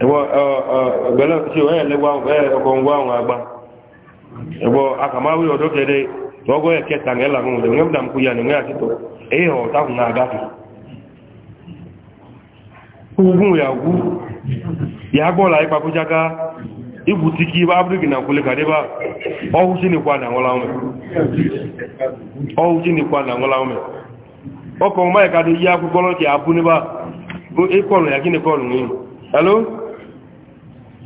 S1: gbẹ̀lẹ̀ ṣe wọ́n ẹ̀lẹ́gbọ́n àwọn àgbà ẹgbọ́ akàmáwí ọ̀dọ́ kẹ́dẹ́ tọ́gọ́ ẹ̀kẹta ní ẹ̀làmù rẹ̀ ní ọ̀dàmù kúyà ní àtìtọ̀ èyí ọ̀tàkùn náà gáfì ogun yàgú yàgbọ́lá ipapójáká ibù tí kí bá áfíríkì náà kúlé kàdé bá ọhún sí nípa àdàwọ́láwọ́mẹ̀ ọkọ̀ ọmọ ẹ̀kadé yí akúgbọ́lọ́kì a ní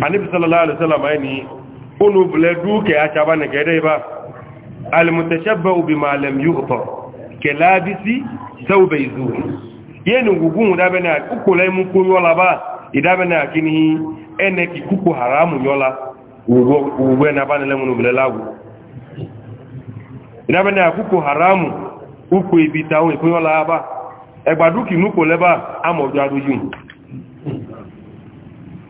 S1: anibi sallallahu alaihi wasallam ayni unu bule duke a chaba ne kede ba al mutashabbu bima lam yughfa kalabisi thawbay zuhr yenu gugun da bena ukulai mun kun yola ba idabe na kini ene ki kuku haramu yola ugwe na bana lemu bule lagu idabe na kuku haramu uku ibita o kun yola ba egbaduki nuko leba amojo adujun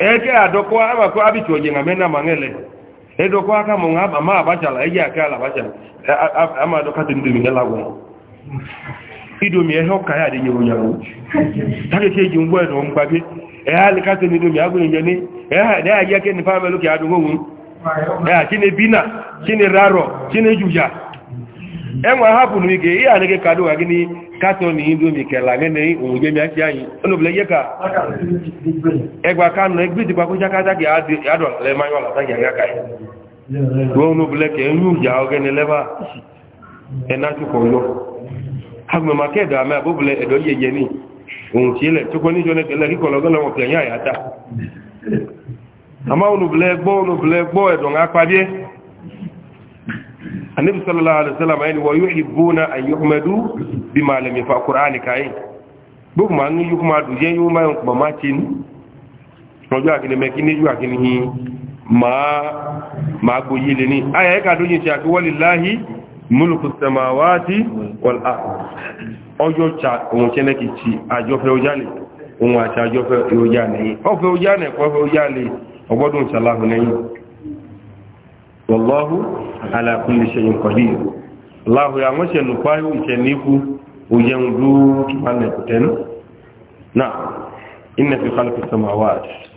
S1: eke adoko abako abitu ojenga mena mangele edoko aka monga mama abachala eje akala bachala e, ama adoka tindu mingela gwe ido mi eho kaya de nyoro nyoro take ke jumbo edo mbabe e ali ka tenido mi agwe nyani e ha da ya ke ni pamelo ke adungu e ha kini bina kini raro kini juja enwe hapụ na ige ihe anaghị kadụ ụgha gị n katọn indomi kela gị na onwunye anyị onobele ihe ka ịgwa ka nọ egbe dịkwa kwụcha kata gị adọlele mmanya ọlata gị aga ka ya ruo onobele ka enye uji ahụ gị na-eleba ịnachụkwụyọ agụme maka edo ama abụbụle edo ihe ni ohun tí ilẹ̀ tó kọ́ níjọ́ lẹ́kẹ̀lẹ́ kíkọ́ lọ́gọ́ lọ́wọ́ pẹ̀lú àyàtà àmá onobele gbọ́ onobele kpabie annabi sallallahu alaihi wasallam ayni wa yuhibbuna an yuhmadu bima lam yafa qur'ani kai buk ma ngi yukma du je yu ma ko ma tin no ja kini me kini ju akini hi ma ma go yile ni aya ka do yin ti walillahi mulku samawati wal ard ojo cha won chene ki chi ajo fe ojale won wa cha ajo fe ojale o fe ojale ko fe ojale ogbodun sallahu alayhi wallahu ala kulli shay'in qadir allah ya ngoshe nu kwayu cheniku ujendu kimane kuten na inna fi khalqis samawati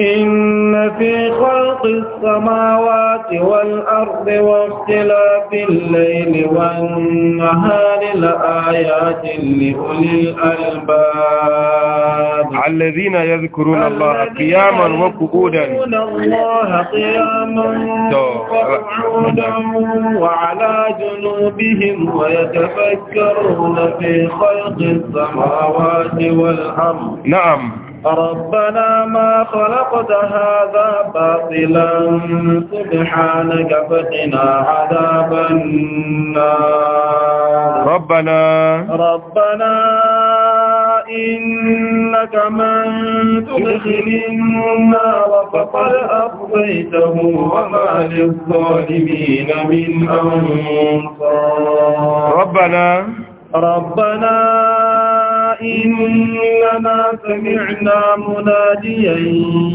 S2: إن في خلق السماوات والأرض واختلاف الليل والنهار لآيات لأولي الألباب الذين يذكرون الله قياما وقعودا الله قياما وقعودا وعلى جنوبهم ويتفكرون في خلق السماوات والأرض نعم ربنا ما خلقت هذا باطلا سبحانك فقنا عذاب النار ربنا ربنا إنك من تدخل النار فقد أخضيته وما للظالمين من أنصار ربنا ربنا إنما سمعنا مناديا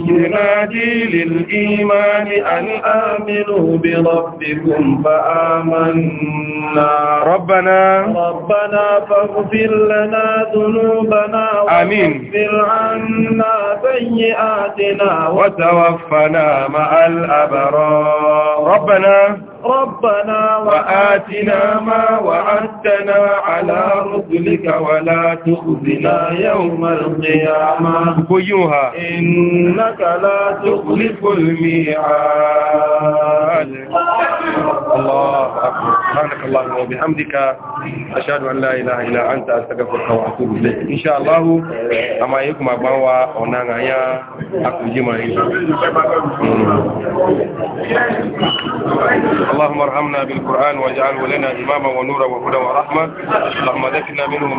S2: ينادي للإيمان أن آمنوا بربكم فآمنا ربنا ربنا فاغفر لنا ذنوبنا آمين واغفر عنا سيئاتنا وتوفنا مع الأبرار ربنا ربنا وآتنا ما وعدتنا على رسلك ولا
S1: تخزنا يوم القيامة إنك
S2: لا تخلف
S1: الميعاد الله أكبر سبحانك الله وبحمدك أشهد أن لا إله إلا أنت أستغفرك وأتوب إليك إن شاء الله أما يكم أبوا أنانا يا أكو جمعين اللهم ارحمنا بالقرآن واجعله لنا إماما ونورا وهدى ورحمة اللهم ذكرنا
S3: منه